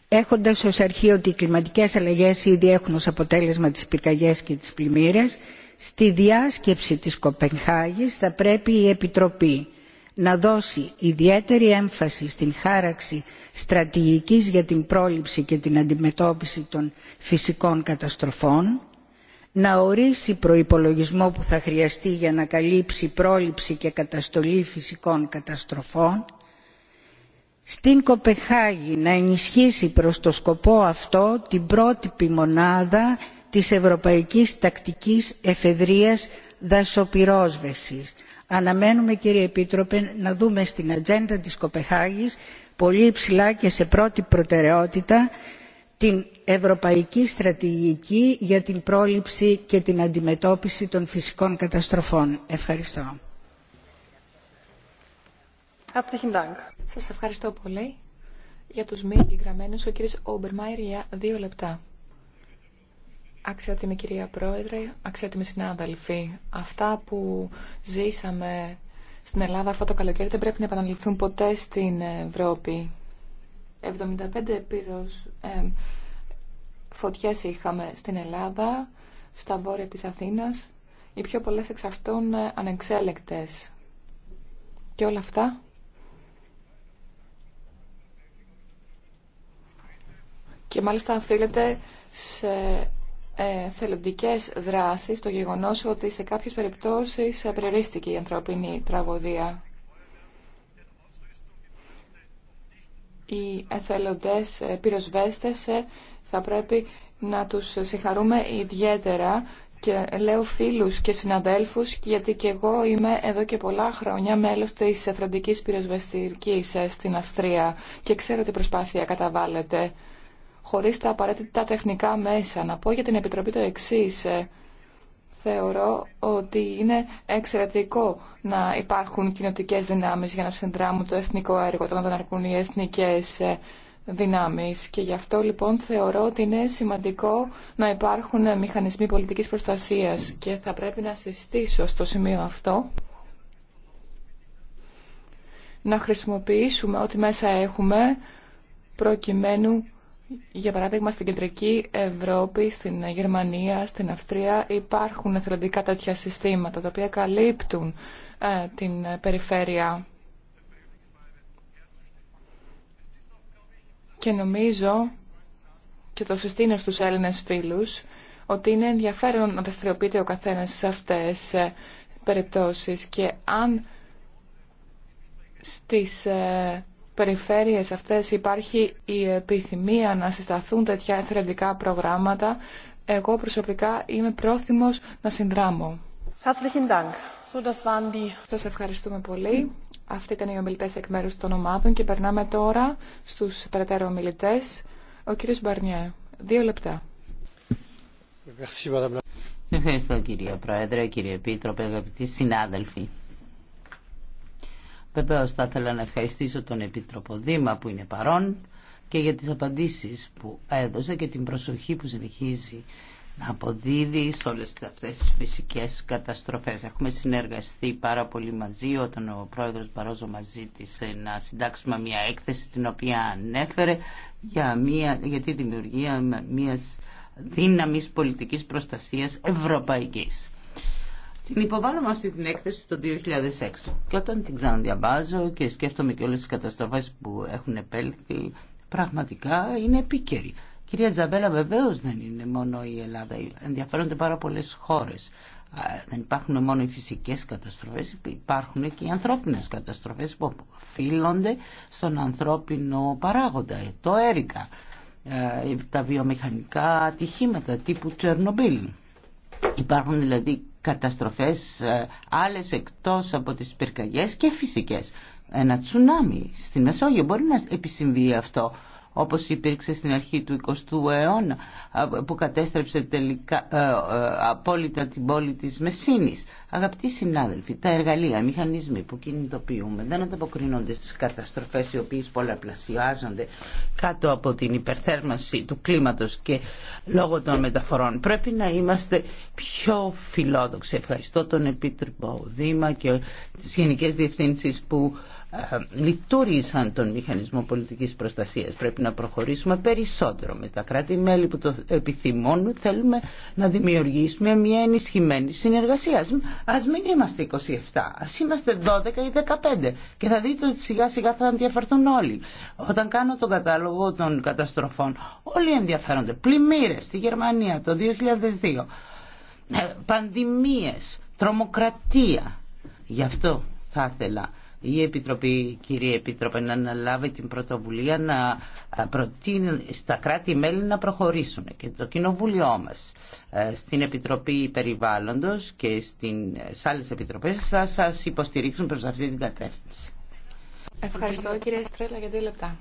[SPEAKER 8] έχοντας ως αρχή ότι οι κλιματικές αλλαγές ήδη έχουν ως αποτέλεσμα τις πυρκαγιές και τις πλημμύρες στη διάσκεψη της κοπενχάγης θα πρέπει η επιτροπή να δώσει ιδιαίτερη έμφαση στην χάραξη στρατηγικής για την πρόληψη και την αντιμετώπιση των φυσικών καταστροφών να ορίσει προϋπολογισμό που θα χρειαστεί για να καλύψει πρόληψη και καταστολή φυσικών καταστροφών στην Κοπεχάγη να ενισχύσει προς το σκοπό αυτό την πρότυπη μονάδα της Ευρωπαϊκής Τακτικής Εφεδρείας Δασοπυρόσβεσης. Αναμένουμε κύριε Επίτροπε να δούμε στην ατζέντα της Κοπεχάγης πολύ υψηλά και σε πρώτη προτεραιότητα την ευρωπαϊκή στρατηγική για την πρόληψη και την αντιμετώπιση των φυσικών καταστροφών. Ευχαριστώ.
[SPEAKER 1] Σας ευχαριστώ πολύ. Για τους μη εγγεγραμμένους, ο κύριος Όμπερμαϊρ για δύο λεπτά. Αξιότιμη κυρία Πρόεδρε, αξιότιμοι συνάδελφοι, αυτά που ζήσαμε στην Ελλάδα αυτό το καλοκαίρι δεν πρέπει να επαναληφθούν ποτέ στην Ευρώπη. 75 πύρος ε, φωτιές είχαμε στην Ελλάδα, στα βόρεια της Αθήνας, οι πιο πολλές εξ αυτών ανεξέλεκτες. Και όλα αυτά Και μάλιστα οφείλεται σε ε, θελοντικές δράσεις το γεγονός ότι σε κάποιες περιπτώσεις περιορίστηκε η ανθρώπινη τραγωδία. Οι εθελοντές ε, πυροσβέστες ε, θα πρέπει να τους συγχαρούμε ιδιαίτερα και λέω φίλους και συναδέλφους γιατί και εγώ είμαι εδώ και πολλά χρόνια μέλος της εθελοντικής πυροσβεστικής ε, στην Αυστρία και ξέρω τι προσπάθεια καταβάλλεται. Χωρί τα απαραίτητα τεχνικά μέσα. Να πω για την Επιτροπή το εξή. Ε, θεωρώ ότι είναι εξαιρετικό να υπάρχουν κοινοτικέ δυνάμει για να συνδράμουν το εθνικό έργο, όταν δεν αρκούν οι εθνικές ε, δυνάμεις. Και γι' αυτό λοιπόν θεωρώ ότι είναι σημαντικό να υπάρχουν μηχανισμοί πολιτικής προστασίας και θα πρέπει να συστήσω στο σημείο αυτό να χρησιμοποιήσουμε ό,τι μέσα έχουμε προκειμένου για παράδειγμα, στην κεντρική Ευρώπη, στην Γερμανία, στην Αυστρία υπάρχουν εθελοντικά τέτοια συστήματα τα οποία καλύπτουν ε, την περιφέρεια. Και νομίζω, και το συστήνω στους Έλληνες φίλους, ότι είναι ενδιαφέρον να δραστηριοποιείται ο καθένας σε αυτές τις ε, περιπτώσεις και αν στις ε, περιφέρειες αυτές υπάρχει η επιθυμία να συσταθούν τέτοια εθελοντικά προγράμματα, εγώ προσωπικά είμαι πρόθυμος να συνδράμω. Σας ευχαριστούμε πολύ. Αυτή ήταν οι ομιλητές εκ μέρους των ομάδων και περνάμε τώρα στους περαιτέρω ομιλητές. Ο κύριος Μπαρνιέ, δύο λεπτά.
[SPEAKER 9] Ευχαριστώ κύριε Πρόεδρε, κύριε Επίτροπε, αγαπητοί συνάδελφοι. Βεβαίω θα ήθελα να ευχαριστήσω τον Επίτροπο που είναι παρόν και για τις απαντήσεις που έδωσε και την προσοχή που συνεχίζει να αποδίδει σε όλες αυτές τις φυσικές καταστροφές. Έχουμε συνεργαστεί πάρα πολύ μαζί όταν ο πρόεδρος Μπαρόζο μας ζήτησε να συντάξουμε μια έκθεση την οποία ανέφερε για, μια, για τη δημιουργία μιας δύναμης πολιτικής προστασίας ευρωπαϊκής. Την με αυτή την έκθεση το 2006 και όταν την ξαναδιαβάζω και σκέφτομαι και όλες τις καταστροφές που έχουν επέλθει πραγματικά είναι επίκαιρη. Κυρία Τζαβέλα βεβαίω δεν είναι μόνο η Ελλάδα, ενδιαφέρονται πάρα πολλέ χώρες. Δεν υπάρχουν μόνο οι φυσικές καταστροφέ, υπάρχουν και οι ανθρώπινες καταστροφέ που οφείλονται στον ανθρώπινο παράγοντα, ε, το έρικα, ε, τα βιομηχανικά ατυχήματα τύπου Τσερνομπίλ. Υπάρχουν δηλαδή καταστροφές ε, άλλες εκτός από τις πυρκαγιές και φυσικές. Ένα τσουνάμι στη Μεσόγειο μπορεί να επισυμβεί αυτό όπως υπήρξε στην αρχή του 20ου αιώνα που κατέστρεψε τελικά ε, ε, απόλυτα την πόλη της Μεσίνης. Αγαπητοί συνάδελφοι, τα εργαλεία, οι μηχανισμοί που κινητοποιούμε δεν ανταποκρίνονται στις καταστροφές οι οποίες πολλαπλασιάζονται κάτω από την υπερθέρμανση του κλίματος και λόγω των μεταφορών. Πρέπει να είμαστε πιο φιλόδοξοι. Ευχαριστώ τον Επίτροπο Δήμα και τις Γενικές Διευθύνσεις που ε, λειτουργήσαν τον μηχανισμό πολιτικής προστασίας. Πρέπει να προχωρήσουμε περισσότερο με τα κράτη-μέλη που το επιθυμούν. Θέλουμε να δημιουργήσουμε μια ενισχυμένη συνεργασία. Ας μην είμαστε 27, ας είμαστε 12 ή 15 και θα δείτε ότι σιγά σιγά θα ενδιαφερθούν όλοι. Όταν κάνω τον κατάλογο των καταστροφών, όλοι ενδιαφέρονται. Πλημμύρες στη Γερμανία το 2002, ε, πανδημίες, τρομοκρατία. Γι' αυτό θα ήθελα η Επιτροπή, κύριε Επίτροπε, να αναλάβει την πρωτοβουλία να ε, προτείνει στα κράτη-μέλη να προχωρήσουν και το Κοινοβούλιο μας ε, στην Επιτροπή Περιβάλλοντος και στην, ε, σε άλλες επιτροπές θα σας υποστηρίξουν
[SPEAKER 5] προς αυτή την κατεύθυνση.
[SPEAKER 1] Ευχαριστώ κύριε Στρέλα για δύο λεπτά.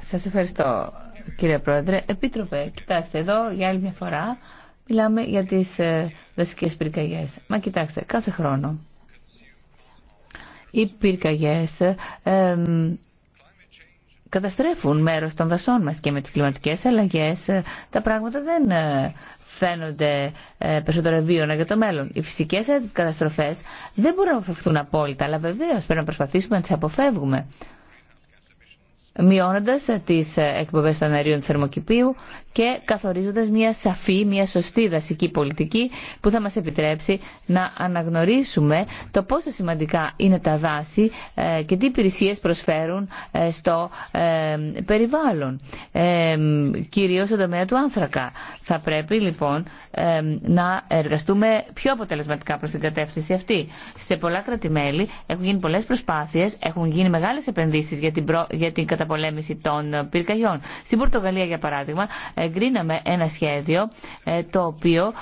[SPEAKER 5] Σας ευχαριστώ κύριε Πρόεδρε. Επίτροπε, κοιτάξτε εδώ για άλλη μια φορά Μιλάμε για τις ε, δασικές πυρκαγιές. Μα κοιτάξτε, κάθε χρόνο οι πυρκαγιές ε, καταστρέφουν μέρος των δασών μας και με τις κλιματικές αλλαγές ε, τα πράγματα δεν ε, φαίνονται περισσότερο βίωνα για το μέλλον. Οι φυσικές καταστροφές δεν μπορούν να αποφευχθούν απόλυτα, αλλά βεβαίως πρέπει να προσπαθήσουμε να τις αποφεύγουμε μειώνοντας τις εκπομπές των αερίων θερμοκηπίου και καθορίζοντας μια σαφή, μια σωστή δασική πολιτική που θα μας επιτρέψει να αναγνωρίσουμε το πόσο σημαντικά είναι τα δάση ε, και τι υπηρεσίες προσφέρουν ε, στο ε, περιβάλλον, κυρίως στον τομέα του άνθρακα. Θα πρέπει λοιπόν να εργαστούμε πιο αποτελεσματικά προς την κατεύθυνση αυτή. Σε πολλά κρατημέλη έχουν γίνει πολλές προσπάθειες, έχουν γίνει μεγάλες επενδύσεις για την, προ καταπολέμηση των πυρκαγιών. Στην Πορτογαλία, για παράδειγμα, εγκρίναμε ένα σχέδιο ε, το οποίο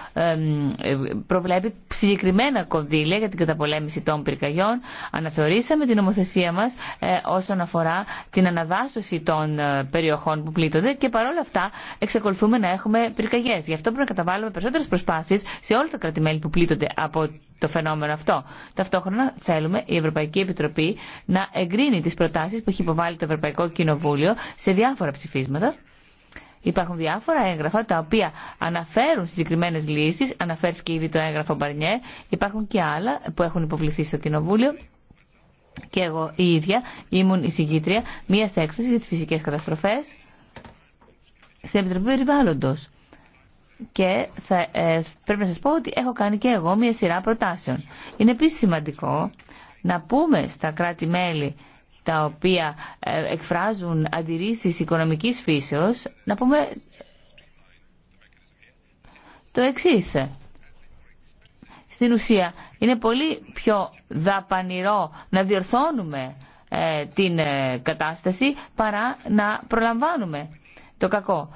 [SPEAKER 5] προβλέπει συγκεκριμένα κονδύλια για την καταπολέμηση των πυρκαγιών. Αναθεωρήσαμε την νομοθεσία μα ε, όσον αφορά την αναδάσωση των ε, περιοχών που πλήττονται και παρόλα αυτά εξακολουθούμε να έχουμε πυρκαγιέ. Γι' αυτό πρέπει να καταβάλουμε περισσότερε προσπάθειε σε όλα τα κρατημέλη που πλήττονται από το φαινόμενο αυτό. Ταυτόχρονα θέλουμε η Ευρωπαϊκή Επιτροπή να εγκρίνει τις προτάσεις που έχει υποβάλει το Ευρωπαϊκό Κοινοβούλιο σε διάφορα ψηφίσματα. Υπάρχουν διάφορα έγγραφα τα οποία αναφέρουν συγκεκριμένες λύσεις. Αναφέρθηκε ήδη το έγγραφο Μπαρνιέ. Υπάρχουν και άλλα που έχουν υποβληθεί στο Κοινοβούλιο. Και εγώ η ίδια ήμουν συγκήτρια μια έκθεση για τι φυσικέ καταστροφέ στην Επιτροπή Περιβάλλοντο και θα, ε, πρέπει να σας πω ότι έχω κάνει και εγώ μια σειρά προτάσεων. Είναι επίσης σημαντικό να πούμε στα κράτη-μέλη τα οποία ε, εκφράζουν αντιρρήσεις οικονομικής φύσεως, να πούμε ε, το εξής. Στην ουσία, είναι πολύ πιο δαπανηρό να διορθώνουμε την κατάσταση παρά να προλαμβάνουμε το κακό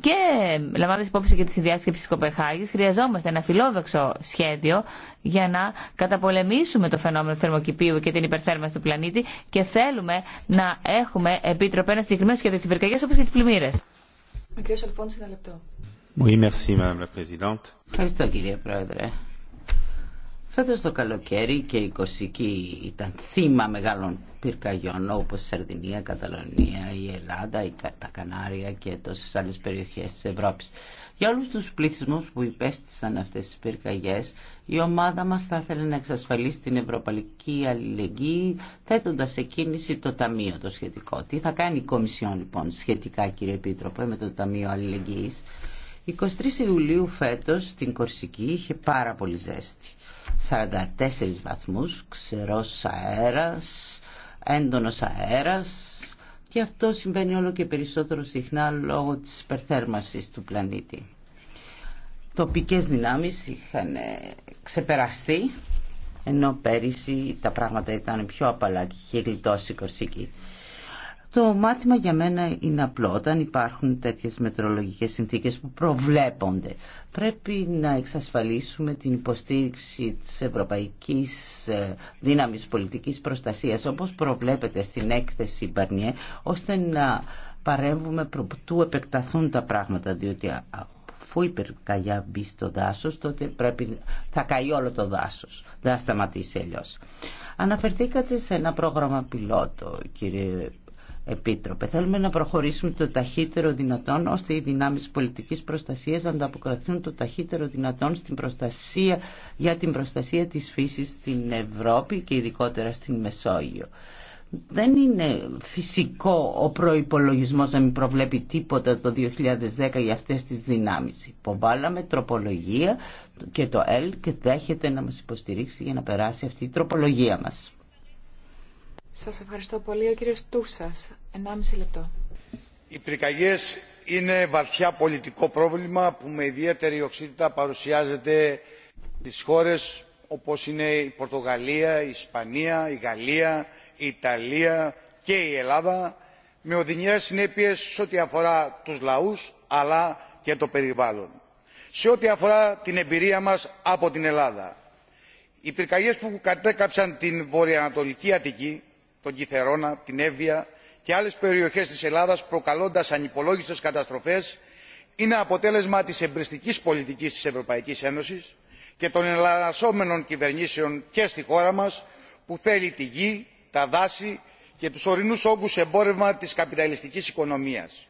[SPEAKER 5] και λαμβάνοντα υπόψη και τη συνδιάσκεψη τη Κοπεχάγη, χρειαζόμαστε ένα φιλόδοξο σχέδιο για να καταπολεμήσουμε το φαινόμενο του θερμοκηπίου και την υπερθέρμανση του πλανήτη και θέλουμε να έχουμε επίτροπε ένα συγκεκριμένο σχέδιο τη πυρκαγιά όπω και τι πλημμύρε.
[SPEAKER 9] Ευχαριστώ κύριε Πρόεδρε. Φέτος το καλοκαίρι και η Κωσική ήταν θύμα μεγάλων πυρκαγιών όπως η Σαρδινία, η Καταλωνία, η Ελλάδα, η, τα Κανάρια και τόσες άλλες περιοχές της Ευρώπης. Για όλους τους πληθυσμούς που υπέστησαν αυτές τις πυρκαγιές, η ομάδα μας θα ήθελε να εξασφαλίσει την ευρωπαϊκή αλληλεγγύη θέτοντας σε κίνηση το Ταμείο το σχετικό. Τι θα κάνει η Κομισιόν λοιπόν σχετικά κύριε Επίτροπο με το Ταμείο Αλληλεγγύης. 23 Ιουλίου φέτος στην Κορσική είχε πάρα πολύ ζέστη 44 βαθμούς, ξερός αέρας, έντονος αέρας και αυτό συμβαίνει όλο και περισσότερο συχνά λόγω της υπερθέρμανσης του πλανήτη. Τοπικές δυνάμεις είχαν ε, ξεπεραστεί ενώ πέρυσι τα πράγματα ήταν πιο απαλά και είχε γλιτώσει η Κορσίκη. Το μάθημα για μένα είναι απλό. Όταν υπάρχουν τέτοιες μετρολογικές συνθήκες που προβλέπονται, πρέπει να εξασφαλίσουμε την υποστήριξη της Ευρωπαϊκής ε, Δύναμης Πολιτικής Προστασίας, όπως προβλέπεται στην έκθεση Μπαρνιέ, ώστε να παρέμβουμε προτού επεκταθούν τα πράγματα, διότι αφού η μπει στο δάσος, τότε πρέπει, θα καεί όλο το δάσος. Δεν σταματήσει αλλιώ. Αναφερθήκατε σε ένα πρόγραμμα πιλότο, κύριε Επίτροπε. Θέλουμε να προχωρήσουμε το ταχύτερο δυνατόν ώστε οι δυνάμεις πολιτικής προστασίας να ανταποκριθούν το ταχύτερο δυνατόν στην προστασία, για την προστασία της φύσης στην Ευρώπη και ειδικότερα στην Μεσόγειο. Δεν είναι φυσικό ο προϋπολογισμός να μην προβλέπει τίποτα το 2010 για αυτές τις δυνάμεις. Υποβάλαμε τροπολογία και το και δέχεται να μας υποστηρίξει για να περάσει αυτή η τροπολογία μας.
[SPEAKER 1] Σας ευχαριστώ πολύ. Ο κύριος Τούσας, 1,5 λεπτό.
[SPEAKER 10] Οι πυρκαγιέ είναι βαθιά πολιτικό πρόβλημα που με ιδιαίτερη οξύτητα παρουσιάζεται στι χώρε όπω είναι η Πορτογαλία, η Ισπανία, η Γαλλία, η Ιταλία και η Ελλάδα με οδυνηρέ συνέπειε σε ό,τι αφορά του λαού αλλά και το περιβάλλον. Σε ό,τι αφορά την εμπειρία μα από την Ελλάδα. Οι πυρκαγιές που κατέκαψαν την βορειοανατολική Αττική τον κιθερώνα την εύβοια και άλλες περιοχές της ελλάδας προκαλώντας ανυπολόγιστες καταστροφές είναι αποτέλεσμα της εμπρηστικής πολιτικής της ευρωπαϊκής ένωσης και των εναλλασσόμενων κυβερνήσεων και στη χώρα μας που θέλει τη γη τα δάση και τους ορεινούς όγκους εμπόρευμα της καπιταλιστικής οικονομίας.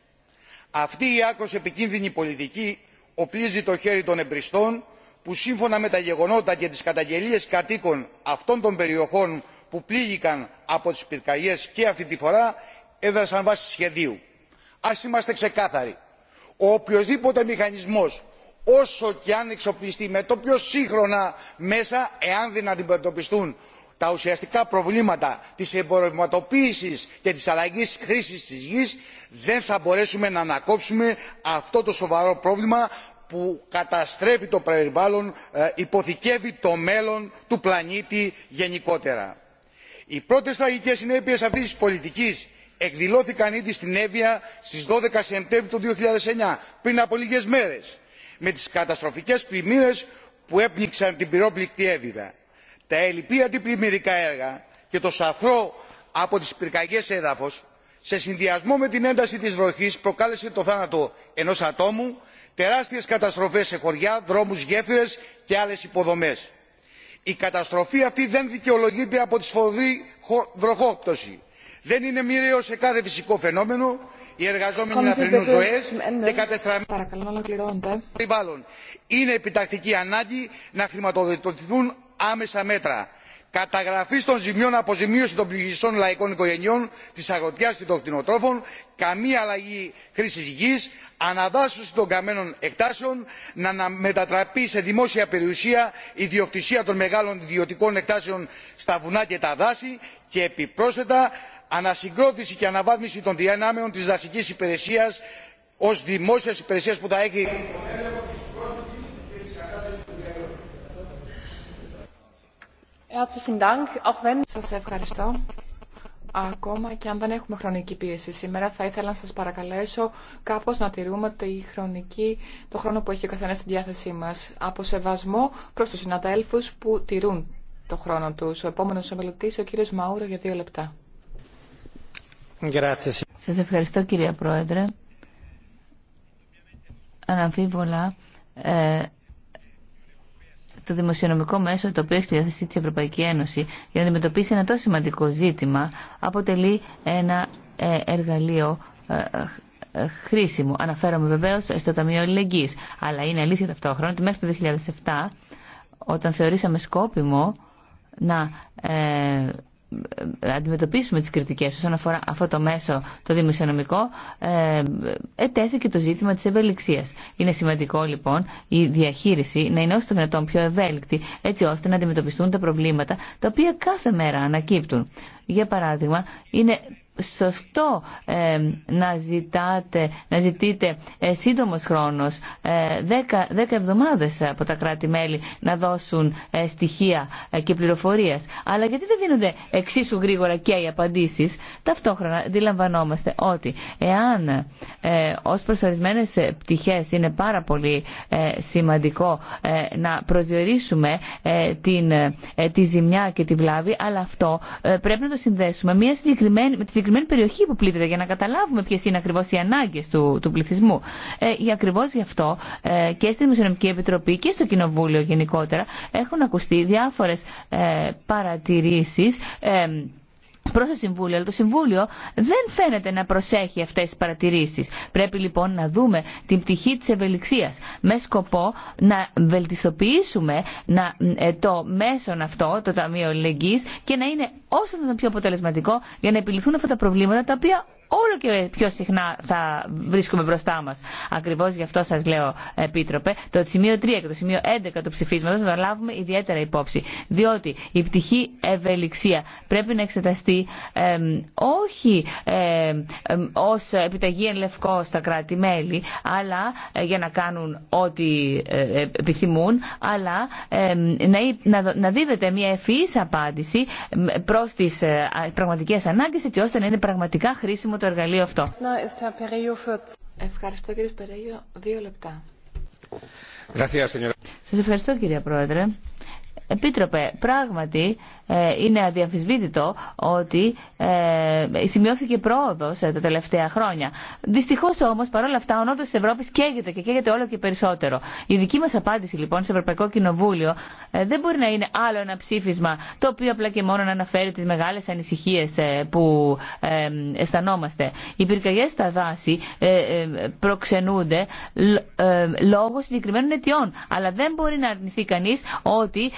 [SPEAKER 10] αυτή η άκρος επικίνδυνη πολιτική οπλίζει το χέρι των εμπριστών που σύμφωνα με τα γεγονότα και τις καταγγελίες κατοίκων αυτών των περιοχών που πλήγηκαν από τις πυρκαγιές και αυτή τη φορά έδρασαν βάσει σχεδίου. Ας είμαστε ξεκάθαροι. Ο οποιοδήποτε μηχανισμός όσο και αν εξοπλιστεί με το πιο σύγχρονα μέσα εάν δεν αντιμετωπιστούν τα ουσιαστικά προβλήματα της εμπορευματοποίησης και της αλλαγής χρήσης της γης δεν θα μπορέσουμε να ανακόψουμε αυτό το σοβαρό πρόβλημα που καταστρέφει το περιβάλλον ε, υποθηκεύει το μέλλον του πλανήτη γενικότερα οι πρώτες τραγικές συνέπειες αυτής της πολιτικής εκδηλώθηκαν ήδη στην εύβοια στις 12 σεπτέμβρη του 2009 πριν από λίγες μέρες με τις καταστροφικές πλημμύρες που έπνιξαν την πυρόπληκτη εύβοια. τα ελλειπή αντιπλημμυρικά έργα και το σαθρό από τις πυρκαγιές έδαφος σε συνδυασμό με την ένταση της βροχής προκάλεσε το θάνατο ενός ατόμου τεράστιες καταστροφές σε χωριά δρόμους γέφυρες και άλλες υποδομές η καταστροφή αυτή δεν δικαιολογείται από τη σφοδρή βροχόπτωση. Δεν είναι μοιραίο σε κάθε φυσικό φαινόμενο. Οι εργαζόμενοι να θρυνούν ζωέ και κατεστραμμένοι περιβάλλον. Είναι επιτακτική ανάγκη να χρηματοδοτηθούν άμεσα μέτρα καταγραφή των ζημιών αποζημίωση των πληγιστών λαϊκών οικογενειών της αγροτιάς και των κτηνοτρόφων καμία αλλαγή χρήσης γης αναδάσωση των καμένων εκτάσεων να μετατραπεί σε δημόσια περιουσία η διοκτησία των μεγάλων ιδιωτικών εκτάσεων στα βουνά και τα δάση και επιπρόσθετα ανασυγκρότηση και αναβάθμιση των δυνάμεων της δασικής υπηρεσίας ως δημόσιας υπηρεσίας που θα έχει
[SPEAKER 1] Σας ευχαριστώ. Ακόμα και αν δεν έχουμε χρονική πίεση σήμερα, θα ήθελα να σας παρακαλέσω κάπως να τηρούμε τη χρονική, το χρόνο που έχει ο καθένας στη διάθεσή μας. Από σεβασμό προς τους συναδέλφους που τηρούν το χρόνο τους. Ο επόμενος ομιλητής, ο κύριος Μαούρο, για δύο λεπτά.
[SPEAKER 5] Σας ευχαριστώ κυρία Πρόεδρε. Αναμφίβολα, ε, το δημοσιονομικό μέσο το οποίο έχει στη διάθεση τη Ευρωπαϊκή Ένωση για να αντιμετωπίσει ένα τόσο σημαντικό ζήτημα αποτελεί ένα ε, εργαλείο ε, ε, χρήσιμο. Αναφέρομαι βεβαίω στο Ταμείο Αλληλεγγύη. Αλλά είναι αλήθεια ταυτόχρονα ότι μέχρι το 2007, όταν θεωρήσαμε σκόπιμο να αντιμετωπίσουμε τις κριτικές όσον αφορά αυτό το μέσο το δημοσιονομικό ε, ετέθηκε το ζήτημα της ευελιξίας. Είναι σημαντικό λοιπόν η διαχείριση να είναι όσο το δυνατόν πιο ευέλικτη έτσι ώστε να αντιμετωπιστούν τα προβλήματα τα οποία κάθε μέρα ανακύπτουν. Για παράδειγμα, είναι σωστό να, ζητάτε, να ζητείτε ε, σύντομος χρόνος, ε, 10, 10 εβδομάδες από τα κράτη-μέλη να δώσουν ε, στοιχεία ε, και πληροφορίες. Αλλά γιατί δεν δίνονται εξίσου γρήγορα και οι απαντήσεις. Ταυτόχρονα αντιλαμβανόμαστε ότι εάν ε, ως προσορισμένες ε, πτυχές είναι πάρα πολύ σημαντικό να προσδιορίσουμε την, τη ζημιά και τη βλάβη, αλλά αυτό πρέπει να το συνδέσουμε με τη συγκεκριμένη συγκεκριμένη περιοχή που πλήττεται για να καταλάβουμε ποιε είναι ακριβώ οι ανάγκε του, του πληθυσμού. Ε, ακριβώ γι' αυτό ε, και στη Δημοσιονομική Επιτροπή και στο Κοινοβούλιο γενικότερα έχουν ακουστεί διάφορε ε, παρατηρήσει. Ε, προ το Συμβούλιο, αλλά το Συμβούλιο δεν φαίνεται να προσέχει αυτέ τι παρατηρήσει. Πρέπει λοιπόν να δούμε την πτυχή τη ευελιξία με σκοπό να βελτιστοποιήσουμε να, ε, το μέσον αυτό, το Ταμείο Ελληνική, και να είναι όσο το πιο αποτελεσματικό για να επιληθούν αυτά τα προβλήματα τα οποία όλο και πιο συχνά θα βρίσκουμε μπροστά μα. Ακριβώ γι' αυτό σα λέω, Επίτροπε, το σημείο 3 και το σημείο 11 του ψηφίσματο να λάβουμε ιδιαίτερα υπόψη. Διότι η πτυχή ευελιξία πρέπει να εξεταστεί όχι ε, ω επιταγή εν λευκό στα κράτη-μέλη, αλλά ε, για να κάνουν ό,τι ε, ε, επιθυμούν, αλλά να, να, να δίδεται μια ευφυή απάντηση προ τι πραγματικέ ανάγκε, έτσι ώστε να είναι πραγματικά χρήσιμο το εργαλείο αυτό.
[SPEAKER 1] Ευχαριστώ κύριε Περέγιο. Δύο λεπτά.
[SPEAKER 5] Σας ευχαριστώ κύριε Πρόεδρε. Επίτροπε, πράγματι ε, είναι αδιαφυσβήτητο ότι ε, σημειώθηκε πρόοδο ε, τα τελευταία χρόνια. Δυστυχώ όμω, παρόλα αυτά, ο νότο τη Ευρώπη καίγεται και καίγεται όλο και περισσότερο. Η δική μα απάντηση λοιπόν στο Ευρωπαϊκό Κοινοβούλιο ε, δεν μπορεί να είναι άλλο ένα ψήφισμα το οποίο απλά και μόνο να αναφέρει τι μεγάλε ανησυχίε που ε, αισθανόμαστε. Οι πυρκαγιέ στα δάση προξενούνται λόγω συγκεκριμένων αιτιών. Αλλά δεν μπορεί να αρνηθεί κανεί ότι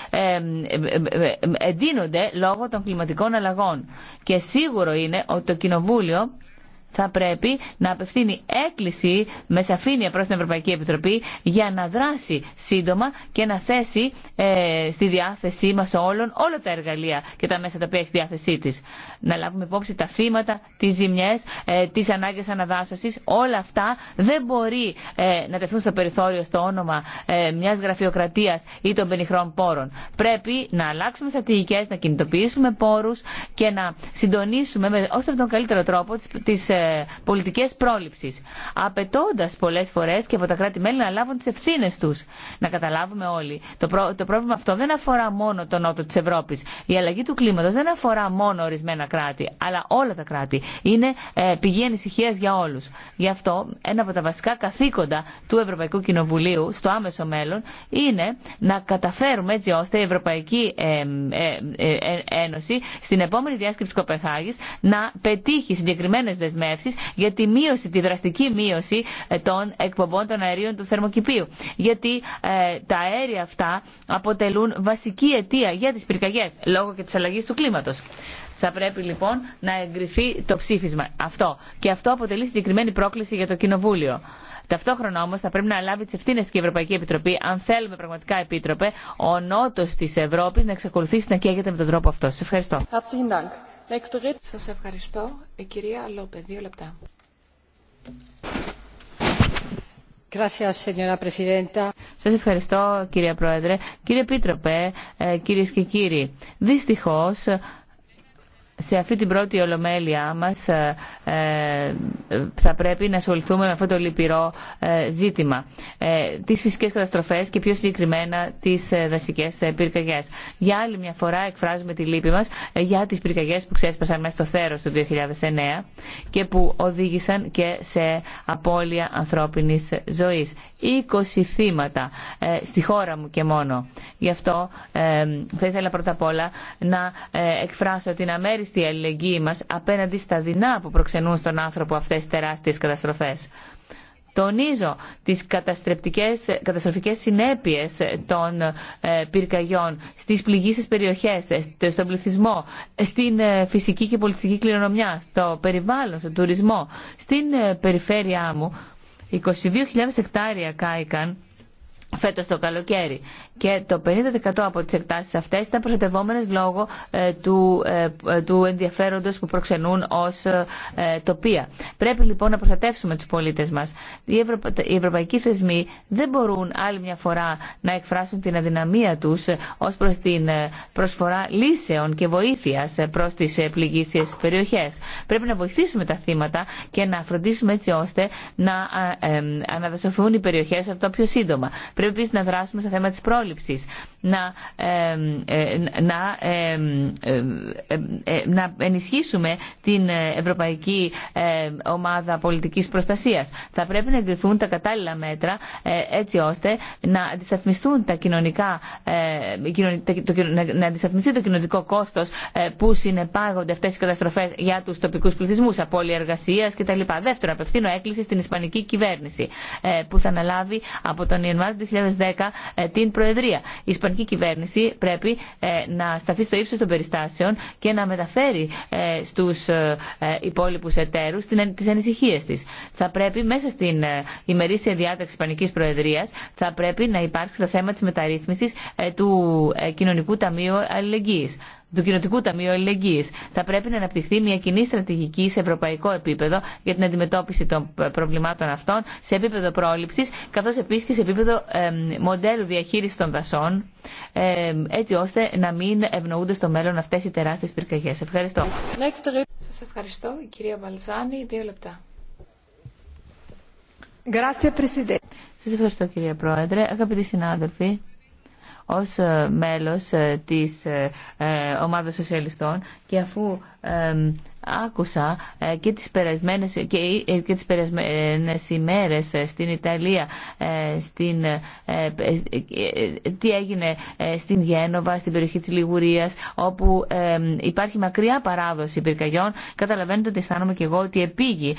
[SPEAKER 5] εντείνονται λόγω των κλιματικών αλλαγών. Και σίγουρο είναι ότι το Κοινοβούλιο θα πρέπει να απευθύνει έκκληση με σαφήνεια προς την Ευρωπαϊκή Επιτροπή για να δράσει σύντομα και να θέσει ε, στη διάθεσή μας όλων όλα τα εργαλεία και τα μέσα τα οποία έχει στη διάθεσή της. Να λάβουμε υπόψη τα θύματα, τις ζημιές, ε, τις ανάγκες αναδάσωσης, όλα αυτά δεν μπορεί ε, να τεθούν στο περιθώριο στο όνομα ε, μιας γραφειοκρατίας ή των πενιχρών πόρων. Πρέπει να αλλάξουμε στρατηγικές, να κινητοποιήσουμε πόρους και να συντονίσουμε με, όσο τον καλύτερο τρόπο τις, τις ε, πολιτικέ πρόληψης, απαιτώντα πολλέ φορέ και από τα κράτη-μέλη να λάβουν τι ευθύνε του, Να καταλάβουμε όλοι, το, το πρόβλημα αυτό δεν αφορά μόνο τον νότο τη Ευρώπη. Η αλλαγή του κλίματο δεν αφορά μόνο ορισμένα κράτη, αλλά όλα τα κράτη. Είναι ε, πηγή ανησυχία για όλου. Γι' αυτό ένα από τα βασικά καθήκοντα του Ευρωπαϊκού Κοινοβουλίου στο άμεσο μέλλον είναι να καταφέρουμε έτσι ώστε η Ευρωπαϊκή ε, ε, Ένωση στην επόμενη διάσκεψη Κοπεχάγης να πετύχει συγκεκριμένε δεσμεύσει για τη μείωση, τη δραστική μείωση ε, των εκπομπών των αερίων του θερμοκηπίου. Γιατί ε, τα αέρια αυτά αποτελούν βασική αιτία για τι πυρκαγιέ λόγω και τη αλλαγή του κλίματο. Θα πρέπει λοιπόν να εγκριθεί το ψήφισμα αυτό. Και αυτό αποτελεί συγκεκριμένη πρόκληση για το Κοινοβούλιο. Ταυτόχρονα όμω θα πρέπει να λάβει τι ευθύνε και η Ευρωπαϊκή Επιτροπή, αν θέλουμε πραγματικά, Επίτροπε, ο νότο τη Ευρώπη να εξακολουθήσει να καίγεται με τον τρόπο αυτό. Σα ευχαριστώ.
[SPEAKER 1] Σας ευχαριστώ. Η ε, κυρία Λόπε, δύο λεπτά.
[SPEAKER 5] Σα ευχαριστώ κύριε Πρόεδρε, κύριε Πίτροπε, ε, κυρίες και κύριοι. Δυστυχώς σε αυτή την πρώτη ολομέλειά μας ε, ε, θα πρέπει να ασχοληθούμε με αυτό το λυπηρό ε, ζήτημα. Τις φυσικές καταστροφές και πιο συγκεκριμένα τις δασικές πυρκαγιές. Για άλλη μια φορά εκφράζουμε τη λύπη μας για τις πυρκαγιές που ξέσπασαν μέσα στο θέρος του 2009 και που οδήγησαν και σε απώλεια ανθρώπινης ζωής. 20 θύματα ε, στη χώρα μου και μόνο. Γι' αυτό ε, θα ήθελα πρώτα απ' όλα να ε, εκφράσω την αμέριστη αλληλεγγύη μας απέναντι στα δεινά που προξενούν στον άνθρωπο αυτές τις τεράστιες καταστροφές. Τονίζω τις καταστρεπτικές, καταστροφικές συνέπειες των πυρκαγιών στις πληγήσεις περιοχές, στον πληθυσμό, στην φυσική και πολιτιστική κληρονομιά, στο περιβάλλον, στον τουρισμό, στην περιφέρειά μου 22.000 εκτάρια κάηκαν φέτος το καλοκαίρι. Και το 50% από τις εκτάσεις αυτές ήταν προστατευόμενες λόγω ε, του, ε, του ενδιαφέροντος που προξενούν ως ε, τοπία. Πρέπει λοιπόν να προστατεύσουμε τους πολίτες μας. Οι, Ευρωπα... οι ευρωπαϊκοί θεσμοί δεν μπορούν άλλη μια φορά να εκφράσουν την αδυναμία τους ως προς την προσφορά λύσεων και βοήθειας προς τις πληγήσιες περιοχές. Πρέπει να βοηθήσουμε τα θύματα και να φροντίσουμε έτσι ώστε να αναδασωθούν οι περιοχές αυτό πιο σύντομα. Πρέπει επίση να δράσουμε στο θέμα τη πρόληψη. Να, ε, να, ε, να ενισχύσουμε την Ευρωπαϊκή ε, Ομάδα Πολιτικής Προστασίας. Θα πρέπει να εγκριθούν τα κατάλληλα μέτρα έτσι ώστε να αντισταθμιστούν τα κοινωνικά, να αντισταθμιστεί το κοινωνικό κόστος που συνεπάγονται αυτές οι καταστροφές για τους τοπικούς πληθυσμούς, απώλεια εργασίας κτλ. Δεύτερον, απευθύνω έκκληση στην Ισπανική κυβέρνηση που θα αναλάβει από τον Ιανουάριο του 2010 ε, την Προεδρία. Η Ισπανική κυβέρνηση πρέπει ε, να σταθεί στο ύψο των περιστάσεων και να μεταφέρει ε, στου υπόλοιπου εταίρου τι ανησυχίε τη. Θα πρέπει μέσα στην ημερήσια διάταξη Ισπανική Προεδρία θα πρέπει να υπάρξει το θέμα τη μεταρρύθμιση του Κοινωνικού Ταμείου Αλληλεγγύη του Κοινοτικού Ταμείου ελληνική. Θα πρέπει να αναπτυχθεί μια κοινή στρατηγική σε ευρωπαϊκό επίπεδο για την αντιμετώπιση των προβλημάτων αυτών σε επίπεδο πρόληψη, καθώ επίση και σε επίπεδο μοντέλου διαχείριση των δασών, έτσι ώστε να μην ευνοούνται στο μέλλον αυτέ οι τεράστιε πυρκαγιέ. Ευχαριστώ.
[SPEAKER 1] Σα ευχαριστώ, κυρία Μπαλζάνη. Δύο λεπτά.
[SPEAKER 5] Σα ευχαριστώ, κυρία Πρόεδρε. Αγαπητοί συνάδελφοι, ως ε, μέλος ε, της ε, ομάδας σοσιαλιστών και αφού άκουσα ε, και τις περασμένες, και, ε, και τις περασμένες ημέρες ε, στην Ιταλία στην, τι έγινε στην Γένοβα, στην περιοχή της Λιγουρίας όπου υπάρχει μακριά παράδοση πυρκαγιών καταλαβαίνετε ότι αισθάνομαι και εγώ ότι επήγει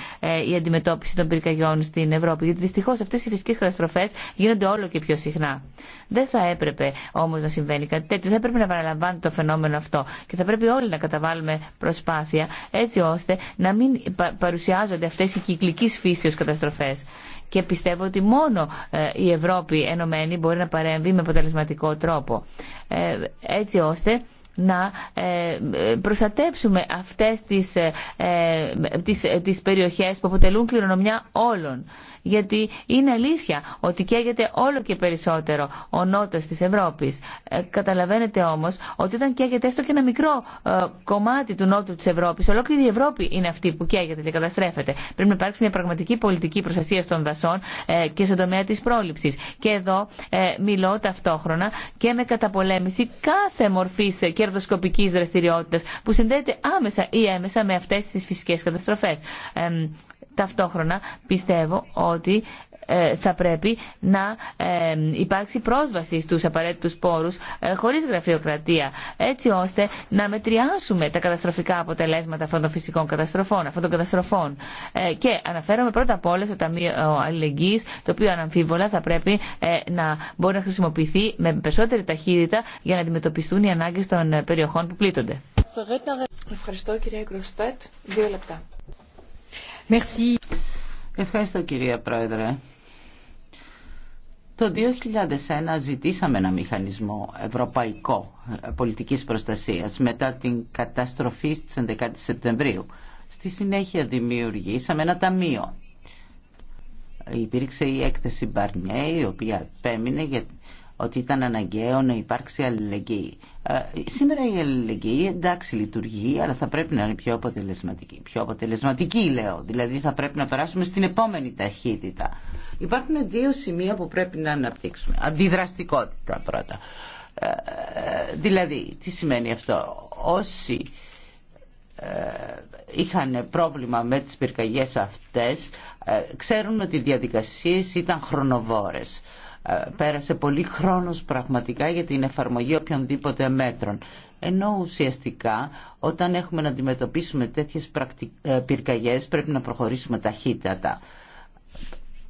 [SPEAKER 5] η αντιμετώπιση των πυρκαγιών στην Ευρώπη γιατί δυστυχώς αυτές οι φυσικές καταστροφές γίνονται όλο και πιο συχνά. Δεν θα έπρεπε όμως να συμβαίνει κάτι τέτοιο. Θα έπρεπε να παραλαμβάνει το φαινόμενο αυτό και θα πρέπει όλοι να καταβάλουμε προσπάθεια έτσι ώστε να μην παρουσιάζονται αυτές οι κυκλικής φύσεως καταστροφές. Και πιστεύω ότι μόνο ε, η Ευρώπη ενωμένη μπορεί να παρέμβει με αποτελεσματικό τρόπο. Ε, έτσι ώστε να ε, προστατέψουμε αυτές τις, τις, τις περιοχές που αποτελούν κληρονομιά όλων γιατί είναι αλήθεια ότι καίγεται όλο και περισσότερο ο νότος της Ευρώπης. Ε, καταλαβαίνετε όμως ότι όταν καίγεται έστω και ένα μικρό ε, κομμάτι του νότου της Ευρώπης, ολόκληρη η Ευρώπη είναι αυτή που καίγεται και καταστρέφεται. Πρέπει να υπάρξει μια πραγματική πολιτική προστασία των δασών ε, και στον τομέα της πρόληψης. Και εδώ ε, μιλώ ταυτόχρονα και με καταπολέμηση κάθε μορφής κερδοσκοπικής δραστηριότητας που συνδέεται άμεσα ή έμεσα με αυτές τις φυσικές καταστροφές. Ταυτόχρονα πιστεύω ότι ε, θα πρέπει να ε, υπάρξει πρόσβαση στους απαραίτητους πόρους ε, χωρίς γραφειοκρατία έτσι ώστε να μετριάσουμε τα καταστροφικά αποτελέσματα αυτών των φυσικών καταστροφών, αυτών των καταστροφών. Και αναφέρομαι πρώτα απ' όλα στο Ταμείο Αλληλεγγύης το οποίο αναμφίβολα θα πρέπει να μπορεί να χρησιμοποιηθεί με περισσότερη ταχύτητα για να αντιμετωπιστούν οι ανάγκες των περιοχών που πλήττονται.
[SPEAKER 1] Ευχαριστώ κυρία Κροστέτ. Δύο λεπτά.
[SPEAKER 5] Ευχαριστώ κυρία Πρόεδρε.
[SPEAKER 9] Το 2001 ζητήσαμε ένα μηχανισμό ευρωπαϊκό ε, πολιτικής προστασίας μετά την καταστροφή στις 11 Σεπτεμβρίου. Στη συνέχεια δημιουργήσαμε ένα ταμείο. Υπήρξε η έκθεση Μπαρνιέ η οποία επέμεινε ότι ήταν αναγκαίο να υπάρξει αλληλεγγύη. Ε, σήμερα η αλληλεγγύη εντάξει λειτουργεί, αλλά θα πρέπει να είναι πιο αποτελεσματική. Πιο αποτελεσματική λέω, δηλαδή θα πρέπει να περάσουμε στην επόμενη ταχύτητα. Υπάρχουν δύο σημεία που πρέπει να αναπτύξουμε. Αντιδραστικότητα πρώτα. Ε, δηλαδή, τι σημαίνει αυτό. Όσοι ε, είχαν πρόβλημα με τις πυρκαγιές αυτές, ξέρουν ότι οι διαδικασίες ήταν χρονοβόρες. Ε, πέρασε πολύ χρόνος πραγματικά για την εφαρμογή οποιονδήποτε μέτρων. Ενώ ουσιαστικά όταν έχουμε να αντιμετωπίσουμε τέτοιες ε, πυρκαγιές πρέπει να προχωρήσουμε ταχύτατα.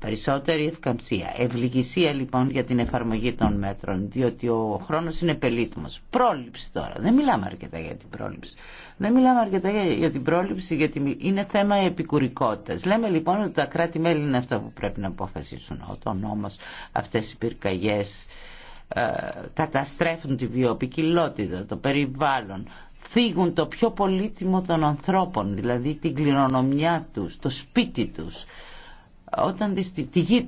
[SPEAKER 9] Περισσότερη ευκαμψία. Ευληγησία λοιπόν για την εφαρμογή των μέτρων, διότι ο χρόνος είναι πελίτμος. Πρόληψη τώρα. Δεν μιλάμε αρκετά για την πρόληψη. Δεν μιλάμε αρκετά για την πρόληψη, γιατί είναι θέμα επικουρικότητας. Λέμε λοιπόν ότι τα κράτη-μέλη είναι αυτά που πρέπει να αποφασίσουν. Όταν νόμος, αυτές οι πυρκαγιές ε, καταστρέφουν τη βιοποικιλότητα... το περιβάλλον, φύγουν το πιο πολύτιμο των ανθρώπων, δηλαδή την κληρονομιά τους, το σπίτι τους, όταν, τη γη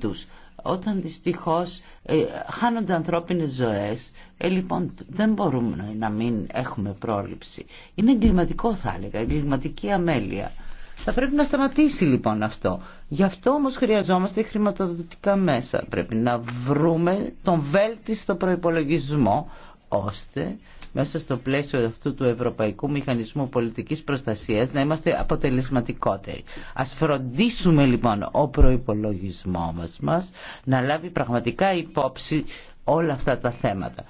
[SPEAKER 9] όταν δυστυχώς ε, χάνονται ανθρώπινες ζωές, ε, λοιπόν δεν μπορούμε να μην έχουμε πρόληψη. Είναι εγκληματικό θα έλεγα, εγκληματική αμέλεια. Θα πρέπει να σταματήσει λοιπόν αυτό. Γι' αυτό όμως χρειαζόμαστε χρηματοδοτικά μέσα. Πρέπει να βρούμε τον βέλτιστο προϋπολογισμό ώστε μέσα στο πλαίσιο αυτού του Ευρωπαϊκού Μηχανισμού Πολιτικής Προστασίας να είμαστε αποτελεσματικότεροι. Ας φροντίσουμε λοιπόν ο προϋπολογισμός μας να λάβει πραγματικά υπόψη όλα αυτά τα θέματα.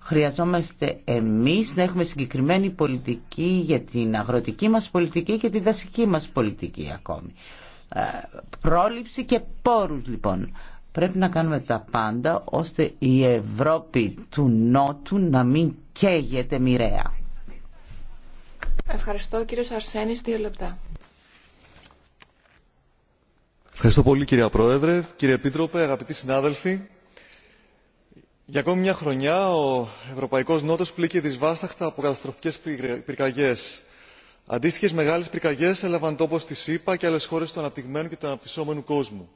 [SPEAKER 9] Χρειαζόμαστε εμείς να έχουμε συγκεκριμένη πολιτική για την αγροτική μας πολιτική και τη δασική μας πολιτική ακόμη. Ε, πρόληψη και πόρους λοιπόν. Πρέπει να κάνουμε τα πάντα ώστε η Ευρώπη του Νότου να μην καίγεται μοιραία.
[SPEAKER 1] Ευχαριστώ κύριος Αρσένης, δύο λεπτά.
[SPEAKER 11] Ευχαριστώ πολύ κυρία Πρόεδρε, κύριε Επίτροπε, αγαπητοί συνάδελφοι. Για ακόμη μια χρονιά ο Ευρωπαϊκός Νότος πλήκε δυσβάσταχτα από καταστροφικές πυρκαγιές. Αντίστοιχε μεγάλες πυρκαγιές έλαβαν τόπο στη ΣΥΠΑ και άλλες χώρες του αναπτυγμένου και του αναπτυσσόμενου κόσμου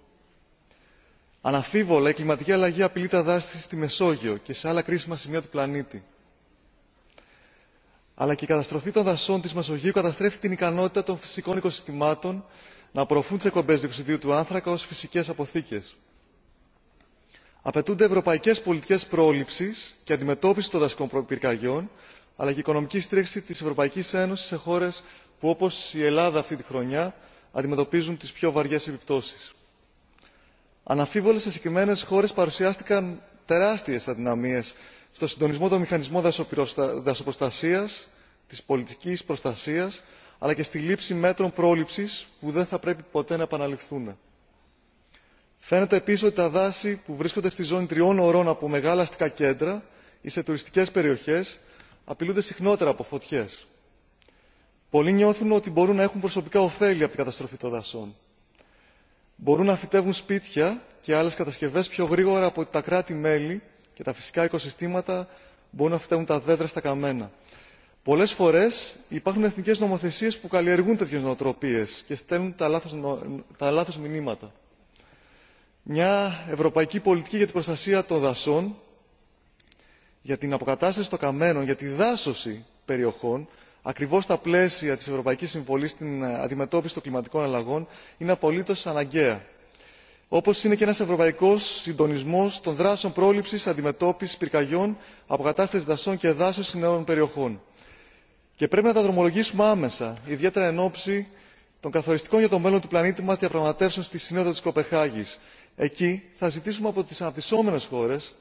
[SPEAKER 11] Αναφίβολα, η κλιματική αλλαγή απειλεί τα δάση στη Μεσόγειο και σε άλλα κρίσιμα σημεία του πλανήτη. Αλλά και η καταστροφή των δασών τη Μεσογείου καταστρέφει την ικανότητα των φυσικών οικοσυστημάτων να απορροφούν τι εκπομπέ διοξιδίου του άνθρακα ω φυσικέ αποθήκε. Απαιτούνται ευρωπαϊκέ πολιτικέ πρόληψης και αντιμετώπιση των δασικών πυρκαγιών, αλλά και η οικονομική στήριξη τη Ευρωπαϊκή Ένωση σε χώρε που, όπω η Ελλάδα αυτή τη χρονιά, αντιμετωπίζουν τι πιο βαριέ επιπτώσει. Αναμφίβολα σε συγκεκριμένε χώρε παρουσιάστηκαν τεράστιε αδυναμίε στο συντονισμό των μηχανισμών δασοπροστασία, τη πολιτική προστασία, αλλά και στη λήψη μέτρων πρόληψη που δεν θα πρέπει ποτέ να επαναληφθούν. Φαίνεται επίση ότι τα δάση που βρίσκονται στη ζώνη τριών ωρών από μεγάλα αστικά κέντρα ή σε τουριστικέ περιοχέ απειλούνται συχνότερα από φωτιέ. Πολλοί νιώθουν ότι μπορούν να έχουν προσωπικά ωφέλη από την καταστροφή των δασών μπορούν να φυτεύουν σπίτια και άλλες κατασκευές πιο γρήγορα από ότι τα κράτη μέλη και τα φυσικά οικοσυστήματα μπορούν να φυτεύουν τα δέντρα στα καμένα. πολλές φορές υπάρχουν εθνικές νομοθεσίες που καλλιεργούν τέτοιες νοοτροπίες και στέλνουν τα λάθος, τα λάθος μηνύματα. μια ευρωπαϊκή πολιτική για την προστασία των δασών για την αποκατάσταση των καμένων για τη δάσωση περιοχών ακριβώ στα πλαίσια τη ευρωπαϊκή συμβολή στην ε, αντιμετώπιση των κλιματικών αλλαγών είναι απολύτω αναγκαία όπω είναι και ένα ευρωπαϊκό συντονισμό των δράσεων πρόληψη αντιμετώπιση πυρκαγιών αποκατάσταση δασών και εδάσεων σε νέων περιοχών. και πρέπει να τα δρομολογήσουμε άμεσα ιδιαίτερα εν ώψη των καθοριστικών για το μέλλον του πλανήτη μα διαπραγματεύσεων στη σύνοδο τη Κοπεχάγης. εκεί θα ζητήσουμε από τι αναπτυσσόμενες χώρες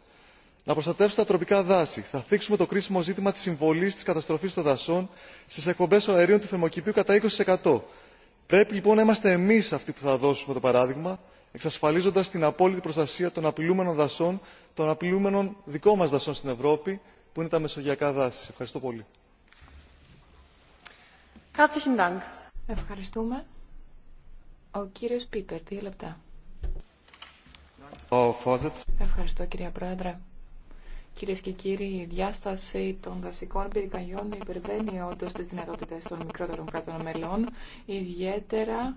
[SPEAKER 11] να προστατεύσει τα τροπικά δάση θα θίξουμε το κρίσιμο ζήτημα τη συμβολή τη καταστροφή των δασών στι εκπομπέ αερίων του θερμοκηπίου κατά. 20%. πρέπει λοιπόν να είμαστε εμεί αυτοί που θα δώσουμε το παράδειγμα εξασφαλίζοντα την απόλυτη προστασία των απειλούμενων δασών των απειλούμενων δικών μα δασών στην ευρώπη που είναι τα μεσογειακά δάση. ευχαριστώ πολύ.
[SPEAKER 1] Ευχαριστούμε. Ο κύριος Πίπερ, δύο λεπτά. Ευχαριστώ κυρία Πρόεδρε. Κυρίε και κύριοι, η διάσταση των δασικών πυρκαγιών υπερβαίνει όντω τι δυνατότητε των μικρότερων κρατών μελών, ιδιαίτερα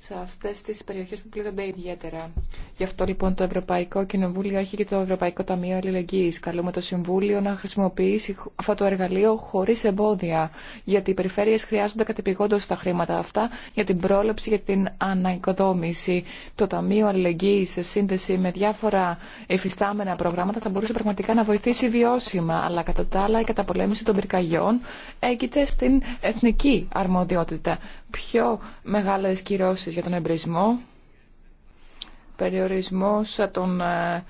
[SPEAKER 1] σε αυτέ τι περιοχέ που πλήττονται ιδιαίτερα. Γι' αυτό λοιπόν το Ευρωπαϊκό Κοινοβούλιο έχει και το Ευρωπαϊκό Ταμείο Αλληλεγγύη. Καλούμε το Συμβούλιο να χρησιμοποιήσει αυτό το εργαλείο χωρί εμπόδια, γιατί οι περιφέρειες χρειάζονται κατεπηγόντω τα χρήματα αυτά για την πρόληψη, για την αναοικοδόμηση. Το Ταμείο Αλληλεγγύη σε σύνδεση με διάφορα εφιστάμενα προγράμματα θα μπορούσε πραγματικά να βοηθήσει βιώσιμα, αλλά κατά τα άλλα η καταπολέμηση των πυρκαγιών έγκυται στην εθνική αρμοδιότητα. Πιο μεγάλε κυρώσει για τον εμπρισμό, περιορισμός των ε,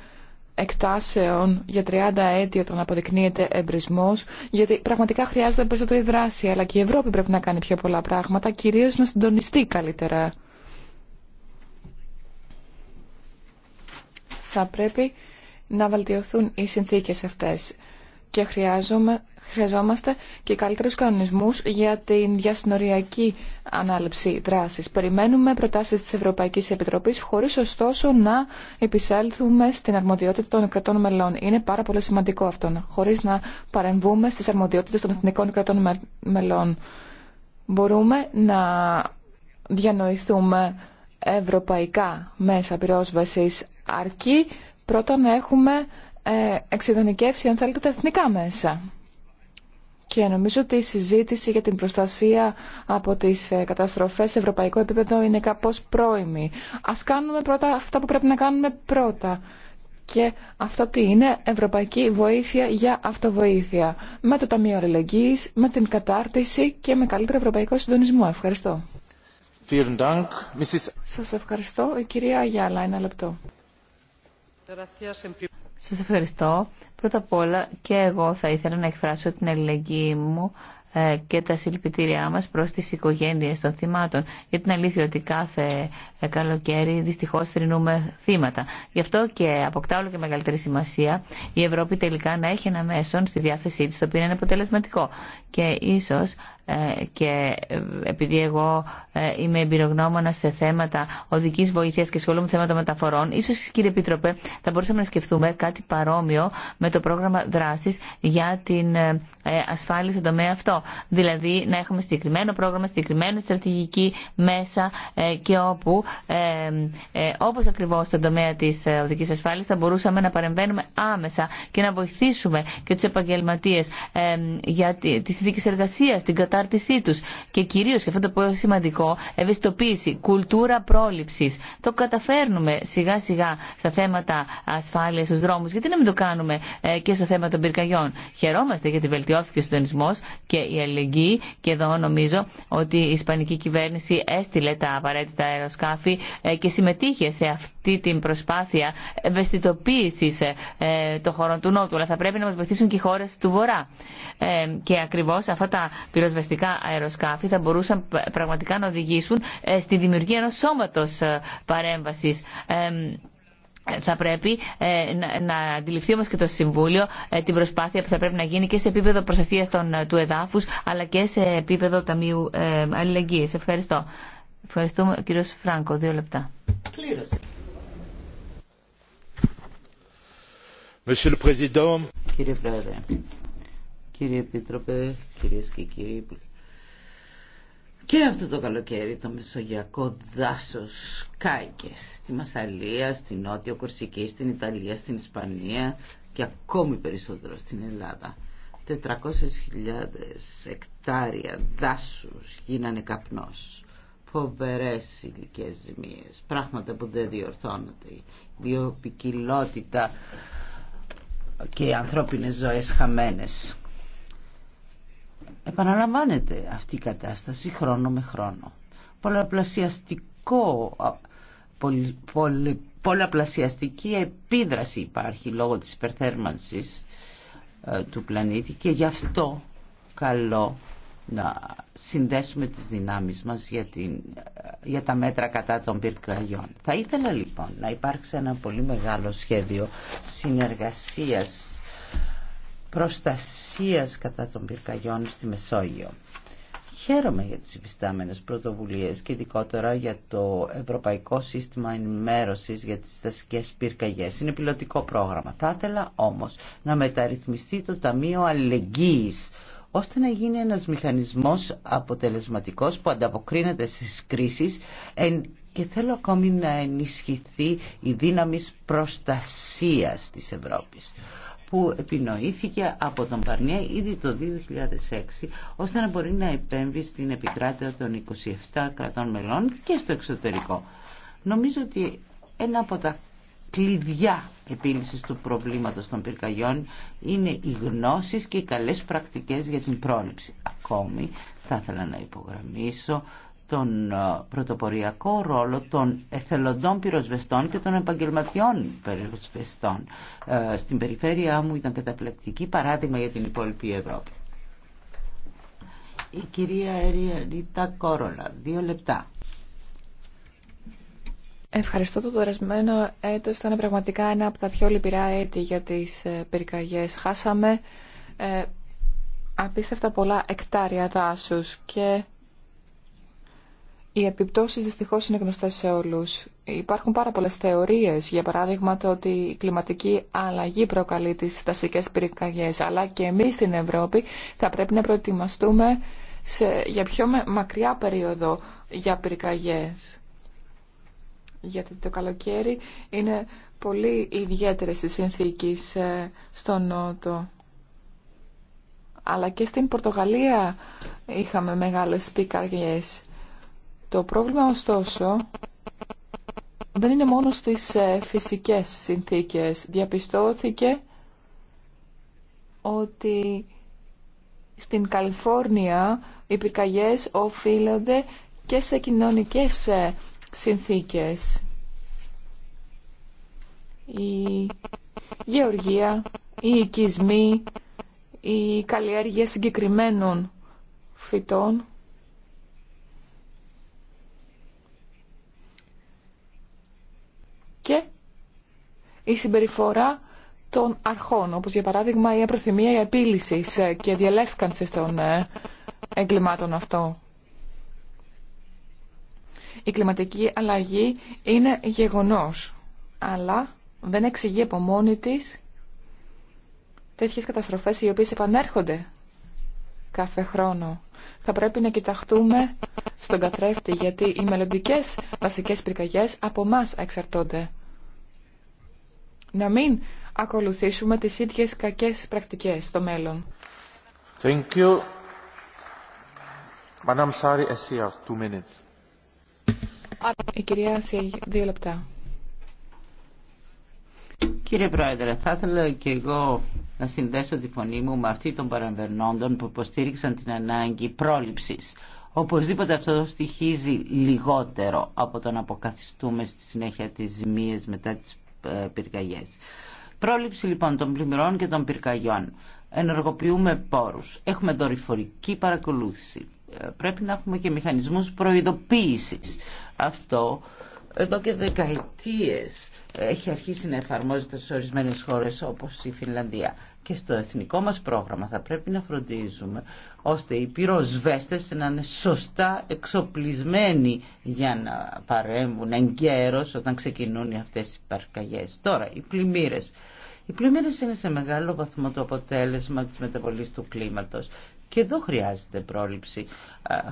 [SPEAKER 1] εκτάσεων για 30 έτη όταν αποδεικνύεται εμπρισμός, γιατί πραγματικά χρειάζεται περισσότερη δράση, αλλά και η Ευρώπη πρέπει να κάνει πιο πολλά πράγματα, κυρίως να συντονιστεί καλύτερα. Θα πρέπει να βελτιωθούν οι συνθήκες αυτές και χρειάζομαι χρειαζόμαστε και καλύτερου κανονισμού για την διασυνοριακή ανάληψη δράση. Περιμένουμε προτάσεις της Ευρωπαϊκής Επιτροπής χωρίς ωστόσο να επισέλθουμε στην αρμοδιότητα των κρατών μελών. Είναι πάρα πολύ σημαντικό αυτό, χωρίς να παρεμβούμε στι αρμοδιότητε των εθνικών κρατών μελών. Μπορούμε να διανοηθούμε ευρωπαϊκά μέσα πυρόσβεση, αρκεί πρώτα να έχουμε ε, εξειδανικεύσει αν θέλετε τα εθνικά μέσα. Και νομίζω ότι η συζήτηση για την προστασία από τι ε, καταστροφέ σε ευρωπαϊκό επίπεδο είναι κάπω πρόημη. Α κάνουμε πρώτα αυτά που πρέπει να κάνουμε πρώτα. Και αυτό τι είναι ευρωπαϊκή βοήθεια για αυτοβοήθεια. Με το Ταμείο Αλληλεγγύη, με την κατάρτιση και με καλύτερο ευρωπαϊκό συντονισμό. Ευχαριστώ. Σα ευχαριστώ. Η κυρία Αγιάλα, ένα λεπτό.
[SPEAKER 5] Σα ευχαριστώ. Πρώτα απ' όλα και εγώ θα ήθελα να εκφράσω την ελληνική μου ε, και τα συλληπιτήριά μας προς τις οικογένειες των θυμάτων. γιατί είναι αλήθεια ότι κάθε ε, καλοκαίρι δυστυχώς θρυνούμε θύματα. Γι' αυτό και αποκτά όλο και μεγαλύτερη σημασία η Ευρώπη τελικά να έχει ένα μέσον στη διάθεσή της, το οποίο είναι αποτελεσματικό. Και ίσως ε, και επειδή εγώ είμαι εμπειρογνώμονα σε θέματα οδική βοήθεια και ασχολούμαι θέματα μεταφορών, ίσω κύριε Επίτροπε θα μπορούσαμε να σκεφτούμε κάτι παρόμοιο με το πρόγραμμα δράση για την ασφάλεια στον τομέα αυτό. Δηλαδή να έχουμε συγκεκριμένο πρόγραμμα, συγκεκριμένη στρατηγική μέσα ε, και όπου, ε, ε, όπως ακριβώς στον τομέα της οδικής ασφάλειας, θα μπορούσαμε να παρεμβαίνουμε άμεσα και να βοηθήσουμε και τους επαγγελματίες για τις συνθήκες εργασίας, την κατάρτισή τους και κυρίως, και αυτό το πολύ σημαντικό, ευαισθητοποίηση, κουλτούρα πρόληψης. Το καταφέρνουμε σιγά σιγά στα θέματα ασφάλειας στους δρόμους. Γιατί να μην το κάνουμε και στο θέμα των πυρκαγιών. Χαιρόμαστε γιατί βελτιώθηκε ο συντονισμός και η αλληλεγγύη και εδώ νομίζω ότι η Ισπανική κυβέρνηση έστειλε τα απαραίτητα αεροσκάφη ε, και συμμετείχε σε αυτή την προσπάθεια ευαισθητοποίηση ε, των χωρών του Νότου. Αλλά θα πρέπει να μα βοηθήσουν και οι χώρε του Βορρά. Ε, και ακριβώ αυτά τα πυροσβεστικά αεροσκάφη θα μπορούσαν πραγματικά να οδηγήσουν στη δημιουργία ενό σώματο παρέμβαση θα πρέπει ε, να αντιληφθεί όμω και το Συμβούλιο ε, την προσπάθεια που θα πρέπει να γίνει και σε επίπεδο προστασία ε, του εδάφου αλλά και σε επίπεδο Ταμείου Αλληλεγγύη. Ευχαριστώ. Ευχαριστούμε. κύριο Φράγκο, δύο λεπτά.
[SPEAKER 9] Κύριε Πρόεδρε, κύριε Επίτροπε, κυρίε και κύριοι και αυτό το καλοκαίρι το μεσογειακό δάσος κάηκε στη Μασαλία, στη Νότιο Κορσική, στην Ιταλία, στην Ισπανία και ακόμη περισσότερο στην Ελλάδα. 400.000 εκτάρια δάσους γίνανε καπνός. Φοβερές ηλικές ζημίες, πράγματα που δεν διορθώνονται. Η βιοπικιλότητα και οι ανθρώπινες ζωές χαμένες. Επαναλαμβάνεται αυτή η κατάσταση χρόνο με χρόνο. Πολλαπλασιαστικό, πολυ, πολυ, πολλαπλασιαστική επίδραση υπάρχει λόγω της υπερθέρμανσης ε, του πλανήτη και γι' αυτό καλό να συνδέσουμε τις δυνάμεις μας για, την, ε, για τα μέτρα κατά των πυρκαγιών. Θα ήθελα λοιπόν να υπάρξει ένα πολύ μεγάλο σχέδιο συνεργασίας προστασίας κατά των πυρκαγιών στη Μεσόγειο. Χαίρομαι για τις υπιστάμενες πρωτοβουλίες και ειδικότερα για το Ευρωπαϊκό Σύστημα Ενημέρωσης για τις Στασικές Πυρκαγιές. Είναι πιλωτικό πρόγραμμα. Θα ήθελα όμως να μεταρρυθμιστεί το Ταμείο Αλληλεγγύης ώστε να γίνει ένας μηχανισμός αποτελεσματικός που ανταποκρίνεται στις κρίσεις και θέλω ακόμη να ενισχυθεί η δύναμη προστασίας της Ευρώπης που επινοήθηκε από τον Παρνιέ ήδη το 2006 ώστε να μπορεί να επέμβει στην επικράτεια των 27 κρατών μελών και στο εξωτερικό. Νομίζω ότι ένα από τα κλειδιά επίλυσης του προβλήματος των πυρκαγιών είναι οι γνώσεις και οι καλές πρακτικές για την πρόληψη. Ακόμη θα ήθελα να υπογραμμίσω τον ε, πρωτοποριακό ρόλο των εθελοντών πυροσβεστών και των επαγγελματιών πυροσβεστών. Ε, στην περιφέρειά μου ήταν καταπληκτική παράδειγμα για την υπόλοιπη Ευρώπη. Η κυρία Ρίτα Κόρολα, δύο
[SPEAKER 1] λεπτά. Ευχαριστώ το περασμένο έτος. Ήταν πραγματικά ένα από τα πιο λυπηρά έτη για τις ε, πυρκαγιές. Χάσαμε απίστευτα πολλά εκτάρια δάσους και οι επιπτώσεις δυστυχώς είναι γνωστές σε όλους. Υπάρχουν πάρα πολλές θεωρίες, για παράδειγμα το ότι η κλιματική αλλαγή προκαλεί τις δασικές πυρκαγιές, αλλά και εμείς στην Ευρώπη θα πρέπει να προετοιμαστούμε σε, για πιο μακριά περίοδο για πυρκαγιές. Γιατί το καλοκαίρι είναι πολύ ιδιαίτερες οι συνθήκες στο Νότο. Αλλά και στην Πορτογαλία είχαμε μεγάλες πυρκαγιές. Το πρόβλημα ωστόσο δεν είναι μόνο στις ε, φυσικές συνθήκες. Διαπιστώθηκε ότι στην Καλιφόρνια οι πυρκαγιές οφείλονται και σε κοινωνικές ε, συνθήκες. Η γεωργία, οι οικισμοί, η καλλιέργεια συγκεκριμένων φυτών η συμπεριφορά των αρχών, όπως για παράδειγμα η απροθυμία επίλυσης και διαλεύκανσης των ε, εγκλημάτων αυτών. Η κλιματική αλλαγή είναι γεγονός, αλλά δεν εξηγεί από μόνη της τέτοιες καταστροφές οι οποίες επανέρχονται κάθε χρόνο. Θα πρέπει να κοιταχτούμε στον καθρέφτη, γιατί οι μελλοντικέ βασικές πυρκαγιές από μας εξαρτώνται να μην ακολουθήσουμε τις ίδιες κακές πρακτικές στο μέλλον.
[SPEAKER 3] Thank you. Sari, Asia,
[SPEAKER 1] δύο λεπτά.
[SPEAKER 9] Κύριε Πρόεδρε, θα ήθελα και εγώ να συνδέσω τη φωνή μου με αυτή των παραβερνώντων που υποστήριξαν την ανάγκη πρόληψης. Οπωσδήποτε αυτό στοιχίζει λιγότερο από το να αποκαθιστούμε στη συνέχεια τις ζημίες μετά τις ε, πυρκαγιές. Πρόληψη λοιπόν των πλημμυρών και των πυρκαγιών. Ενεργοποιούμε πόρους. Έχουμε δορυφορική παρακολούθηση. Ε, πρέπει να έχουμε και μηχανισμούς προειδοποίησης. Αυτό εδώ και δεκαετίες έχει αρχίσει να εφαρμόζεται σε ορισμένες χώρες όπως η Φινλανδία και στο εθνικό μας πρόγραμμα θα πρέπει να φροντίζουμε ώστε οι πυροσβέστες να είναι σωστά εξοπλισμένοι για να παρέμβουν εγκαίρως όταν ξεκινούν αυτές οι παρκαγιές. Τώρα, οι πλημμύρες. Οι πλημμύρες είναι σε μεγάλο βαθμό το αποτέλεσμα της μεταβολής του κλίματος. Και εδώ χρειάζεται πρόληψη.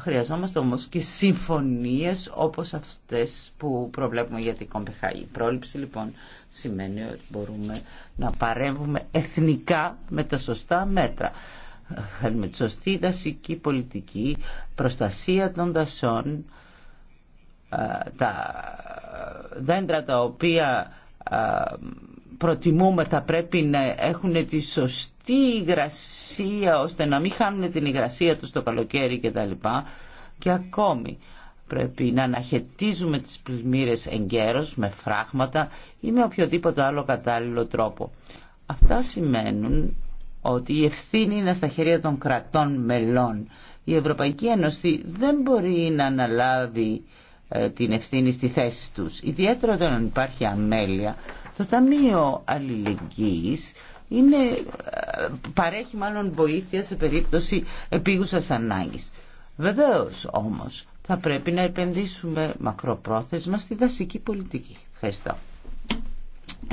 [SPEAKER 9] Χρειαζόμαστε όμως και συμφωνίες όπως αυτές που προβλέπουμε για την Η πρόληψη λοιπόν σημαίνει ότι μπορούμε να παρέμβουμε εθνικά με τα σωστά μέτρα. Θέλουμε τη σωστή δασική πολιτική, προστασία των δασών, τα δέντρα τα οποία προτιμούμε θα πρέπει να έχουν τη σωστή υγρασία ώστε να μην χάνουν την υγρασία τους το καλοκαίρι και τα λοιπά. και ακόμη πρέπει να αναχαιτίζουμε τις πλημμύρες εγκαίρως με φράγματα ή με οποιοδήποτε άλλο κατάλληλο τρόπο. Αυτά σημαίνουν ότι η ευθύνη είναι στα χέρια των κρατών μελών. Η Ευρωπαϊκή Ένωση δεν μπορεί να αναλάβει ε, την ευθύνη στη θέση τους. Ιδιαίτερα όταν υπάρχει αμέλεια, το Ταμείο Αλληλεγγύης είναι, ε, παρέχει μάλλον βοήθεια σε περίπτωση επίγουσας ανάγκης. Βεβαίως όμως θα πρέπει να επενδύσουμε μακροπρόθεσμα στη δασική πολιτική. Ευχαριστώ.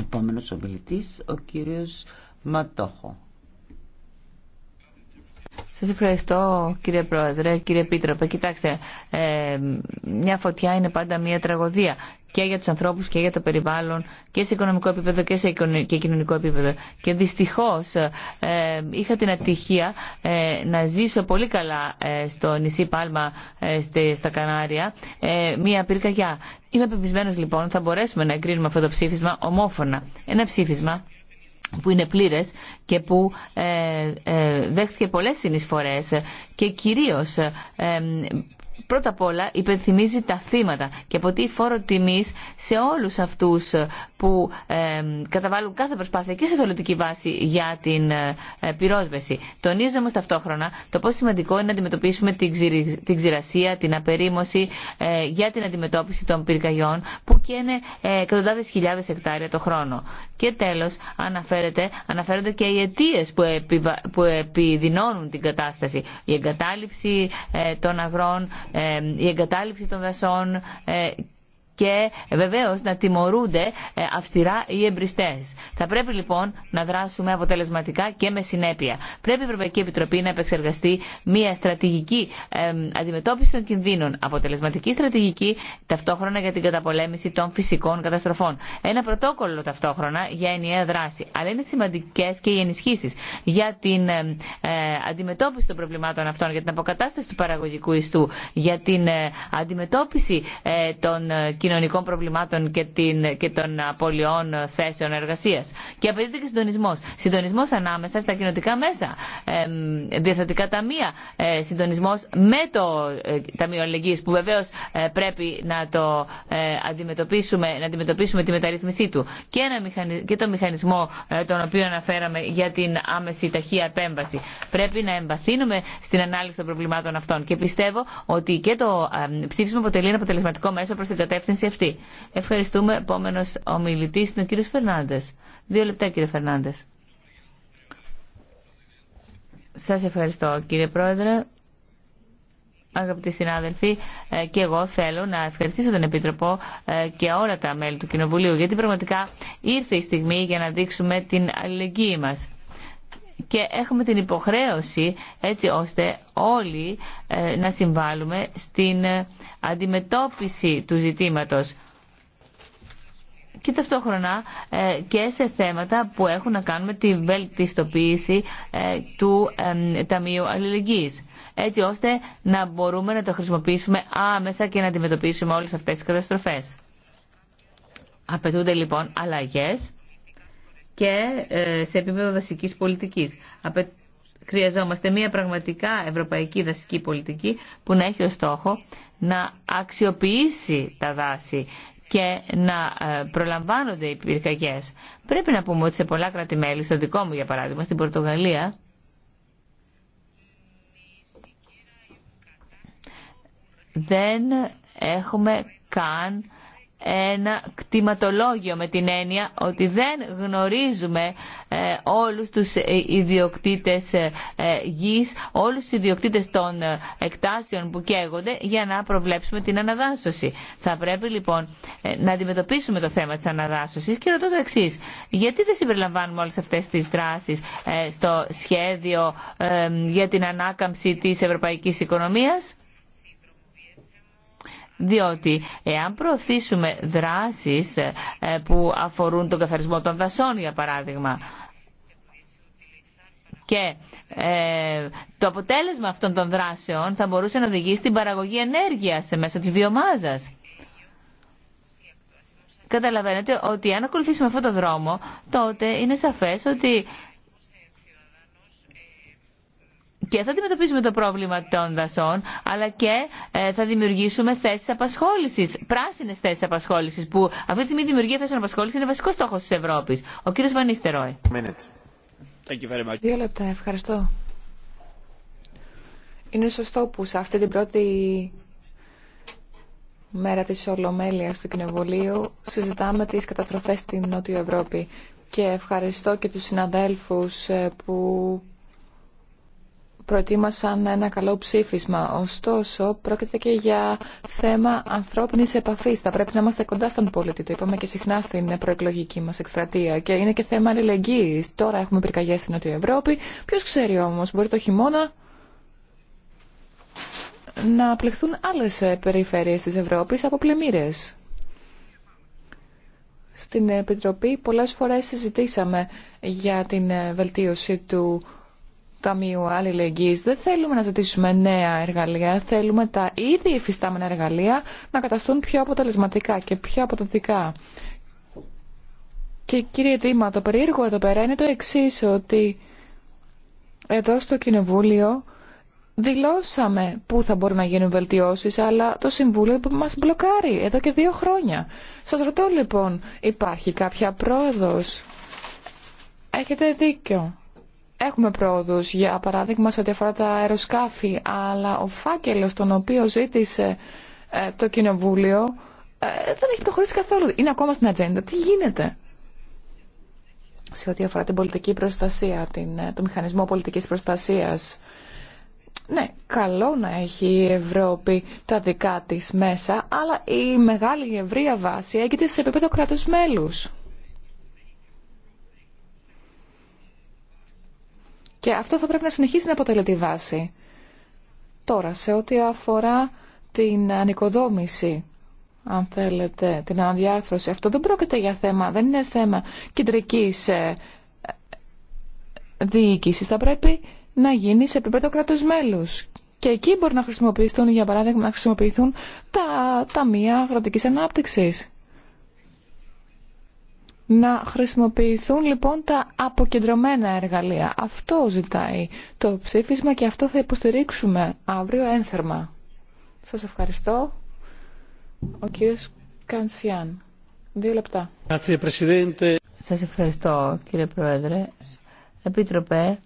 [SPEAKER 9] Επόμενος ομιλητής, ο κύριος Ματόχο.
[SPEAKER 5] Σας ευχαριστώ κύριε Πρόεδρε, κύριε Επίτροπε. Κοιτάξτε, ε, μια φωτιά είναι πάντα μια τραγωδία και για τους ανθρώπους και για το περιβάλλον και σε οικονομικό επίπεδο και σε κοινωνικό επίπεδο. Και δυστυχώς ε, είχα την ατυχία ε, να ζήσω πολύ καλά στο νησί Πάλμα στα Κανάρια μια πυρκαγιά. Είμαι πεπισμένος λοιπόν θα μπορέσουμε να εγκρίνουμε αυτό το ψήφισμα ομόφωνα. Ένα ψήφισμα που είναι πλήρες και που ε, ε, δέχθηκε πολλές συνεισφορές και κυρίως ε, πρώτα απ' όλα υπενθυμίζει τα θύματα και τι φόρο τιμή σε όλου αυτού που καταβάλουν κάθε προσπάθεια και σε θεωρητική βάση για την ε, ε, πυρόσβεση. Τονίζω όμω ταυτόχρονα το πόσο σημαντικό είναι να αντιμετωπίσουμε την ξηρασία, την απερίμωση ε, για την αντιμετώπιση των πυρκαγιών που και είναι εκατοντάδε χιλιάδε εκτάρια το χρόνο. Και τέλο, αναφέρονται και οι αιτίε που, επιβα... που επιδεινώνουν την κατάσταση. Η εγκατάλειψη των αγρών, ε, η εγκατάλειψη των δασών ε, και ε, βεβαίω να τιμωρούνται ε, αυστηρά οι εμπριστέ. Θα πρέπει λοιπόν να δράσουμε αποτελεσματικά και με συνέπεια. Πρέπει η Ευρωπαϊκή Επιτροπή να επεξεργαστεί μια στρατηγική αντιμετώπιση των κινδύνων, αποτελεσματική στρατηγική ταυτόχρονα για την καταπολέμηση των φυσικών καταστροφών. Ένα πρωτόκολλο ταυτόχρονα για ενιαία δράση. Αλλά είναι σημαντικέ και οι ενισχύσει για την ε, αντιμετώπιση των προβλημάτων αυτών, για την αποκατάσταση του παραγωγικού ιστού, για την αντιμετώπιση των κοινωνικών προβλημάτων και, την, και των απολειών θέσεων εργασία. Και απαιτείται και συντονισμό. Συντονισμό ανάμεσα στα κοινωτικά μέσα, ε, διαθετικά ταμεία, ε, συντονισμό με το ε, Ταμείο Αλληλεγγύη που βεβαίω ε, πρέπει να το ε, αντιμετωπίσουμε, να αντιμετωπίσουμε τη μεταρρύθμιση του. Και, ένα και το μηχανισμό ε, τον οποίο αναφέραμε για την άμεση ταχεία επέμβαση. Πρέπει να εμβαθύνουμε στην ανάλυση των προβλημάτων αυτών. Και πιστεύω ότι και το ψήφισμα αποτελεί ένα αποτελεσματικό μέσο προ την κατεύθυνση κατεύθυνση αυτή. Ευχαριστούμε. Επόμενο ομιλητή είναι ο κύριο Φερνάντε. Δύο λεπτά, κύριε Φερνάντε. Σα ευχαριστώ, κύριε Πρόεδρε. Αγαπητοί συνάδελφοι, ε, και εγώ θέλω να ευχαριστήσω τον Επίτροπο ε, και όλα τα μέλη του Κοινοβουλίου, γιατί πραγματικά ήρθε η στιγμή για να δείξουμε την αλληλεγγύη μας και έχουμε την υποχρέωση έτσι ώστε όλοι ε, να συμβάλλουμε στην ε, αντιμετώπιση του ζητήματος και ταυτόχρονα ε, και σε θέματα που έχουν να κάνουν με τη βελτιστοποίηση του Ταμείου Αλληλεγγύης έτσι ώστε να μπορούμε να το χρησιμοποιήσουμε άμεσα και να αντιμετωπίσουμε όλες αυτές τις καταστροφές. Απαιτούνται λοιπόν αλλαγές και ε, σε επίπεδο δασικής πολιτικής. Χρειαζόμαστε μια πραγματικά ευρωπαϊκή δασική πολιτική που να έχει ως στόχο να αξιοποιήσει τα δάση και να ε, προλαμβάνονται οι πυρκαγιές. Πρέπει να πούμε ότι σε πολλά κράτη-μέλη, στο δικό μου για παράδειγμα, στην Πορτογαλία, δεν έχουμε καν ένα κτηματολόγιο με την έννοια ότι δεν γνωρίζουμε ε, όλους τους ε, ιδιοκτήτες ε, γης, όλους τους ιδιοκτήτες των εκτάσεων που καίγονται για να προβλέψουμε την αναδάσωση. Θα πρέπει λοιπόν να αντιμετωπίσουμε το θέμα της αναδάσωσης και ρωτώ το εξή. Γιατί δεν συμπεριλαμβάνουμε όλες αυτές τις δράσεις στο σχέδιο για την ανάκαμψη της ευρωπαϊκής οικονομίας διότι εάν προωθήσουμε δράσεις ε, που αφορούν τον καθαρισμό των δασών, για παράδειγμα, και ε, το αποτέλεσμα αυτών των δράσεων θα μπορούσε να οδηγήσει στην παραγωγή ενέργειας μέσω της βιομάζας. Καταλαβαίνετε ότι αν ακολουθήσουμε αυτόν τον δρόμο, τότε είναι σαφές ότι και θα αντιμετωπίσουμε το πρόβλημα των δασών, αλλά και ε, θα δημιουργήσουμε θέσει απασχόληση, πράσινε θέσει απασχόληση, που αυτή τη στιγμή η δημιουργία θέσεων απασχόληση είναι βασικό στόχο τη Ευρώπη.
[SPEAKER 1] Ο κύριο Βανίστερόι. Δύο λεπτά, ευχαριστώ. Είναι σωστό που σε αυτή την πρώτη μέρα της Ολομέλειας του Κοινοβουλίου συζητάμε τις καταστροφές στην Νότια Ευρώπη και ευχαριστώ και τους συναδέλφους ε, που προετοίμασαν ένα καλό ψήφισμα. Ωστόσο, πρόκειται και για θέμα ανθρώπινη επαφή. Θα πρέπει να είμαστε κοντά στον πολίτη. Το είπαμε και συχνά στην προεκλογική μα εκστρατεία. Και είναι και θέμα αλληλεγγύη. Τώρα έχουμε πυρκαγιέ στην Νότια Ευρώπη. Ποιο ξέρει όμως, μπορεί το χειμώνα να πληχθούν άλλε περιφερειέ τη Ευρώπη από πλημμύρε. Στην Επιτροπή πολλές φορές συζητήσαμε για την βελτίωση του Ταμείου Αλληλεγγύης. Δεν θέλουμε να ζητήσουμε νέα εργαλεία, θέλουμε τα ήδη υφιστάμενα εργαλεία να καταστούν πιο αποτελεσματικά και πιο αποδοτικά. Και κύριε Δήμα, το περίεργο εδώ πέρα είναι το εξή ότι εδώ στο Κοινοβούλιο δηλώσαμε πού θα μπορούν να γίνουν βελτιώσεις, αλλά το Συμβούλιο μας μπλοκάρει εδώ και δύο χρόνια. Σας ρωτώ λοιπόν, υπάρχει κάποια πρόοδος. Έχετε δίκιο. Έχουμε πρόοδου. για παράδειγμα, σε ό,τι αφορά τα αεροσκάφη, αλλά ο φάκελο τον οποίο ζήτησε ε, το Κοινοβούλιο ε, δεν έχει προχωρήσει καθόλου. Είναι ακόμα στην ατζέντα. Τι γίνεται σε ό,τι αφορά την πολιτική προστασία, την, ε, το μηχανισμό πολιτικής προστασίας. Ναι, καλό να έχει η Ευρώπη τα δικά της μέσα, αλλά η μεγάλη ευρεία βάση έγινε σε επίπεδο κράτους μέλους. Και αυτό θα πρέπει να συνεχίσει να αποτελεί τη βάση. Τώρα, σε ό,τι αφορά την ανοικοδόμηση, αν θέλετε, την αναδιάρθρωση, αυτό δεν πρόκειται για θέμα, δεν είναι θέμα κεντρικής ε, ε, διοίκησης. Θα πρέπει να γίνει σε επίπεδο κράτους μέλους. Και εκεί μπορεί να χρησιμοποιηθούν, για παράδειγμα, να χρησιμοποιηθούν τα ταμεία αγροτικής ανάπτυξης. Να χρησιμοποιηθούν λοιπόν τα αποκεντρωμένα εργαλεία. Αυτό ζητάει το ψήφισμα και αυτό θα υποστηρίξουμε αύριο ένθερμα. Σας ευχαριστώ. Ο κύριος Κανσιάν. Δύο λεπτά.
[SPEAKER 7] Σας
[SPEAKER 5] ευχαριστώ κύριε Πρόεδρε. Επίτροπε,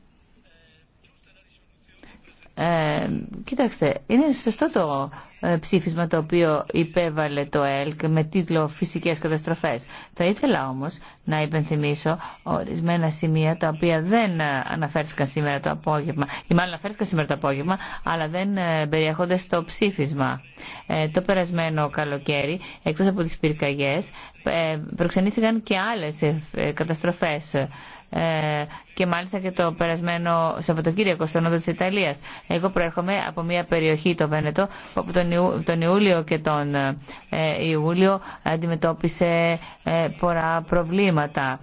[SPEAKER 5] ε, κοιτάξτε, είναι σωστό το ε, ψήφισμα το οποίο υπέβαλε το ΕΛΚ με τίτλο Φυσικές καταστροφές. Θα ήθελα όμως να υπενθυμίσω ορισμένα σημεία τα οποία δεν ε, αναφέρθηκαν σήμερα το απόγευμα ή μάλλον αναφέρθηκαν σήμερα το απόγευμα αλλά δεν ε, περιέχονται στο ψήφισμα. το περασμένο καλοκαίρι, εκτός από τις πυρκαγιές, προξενήθηκαν και άλλες καταστροφές ε, και μάλιστα και το περασμένο Σαββατοκύριακο στο νότο τη Ιταλία. Εγώ προέρχομαι από μια περιοχή, το Βένετο, όπου τον Ιούλιο και τον ε, Ιούλιο αντιμετώπισε ε, πολλά προβλήματα.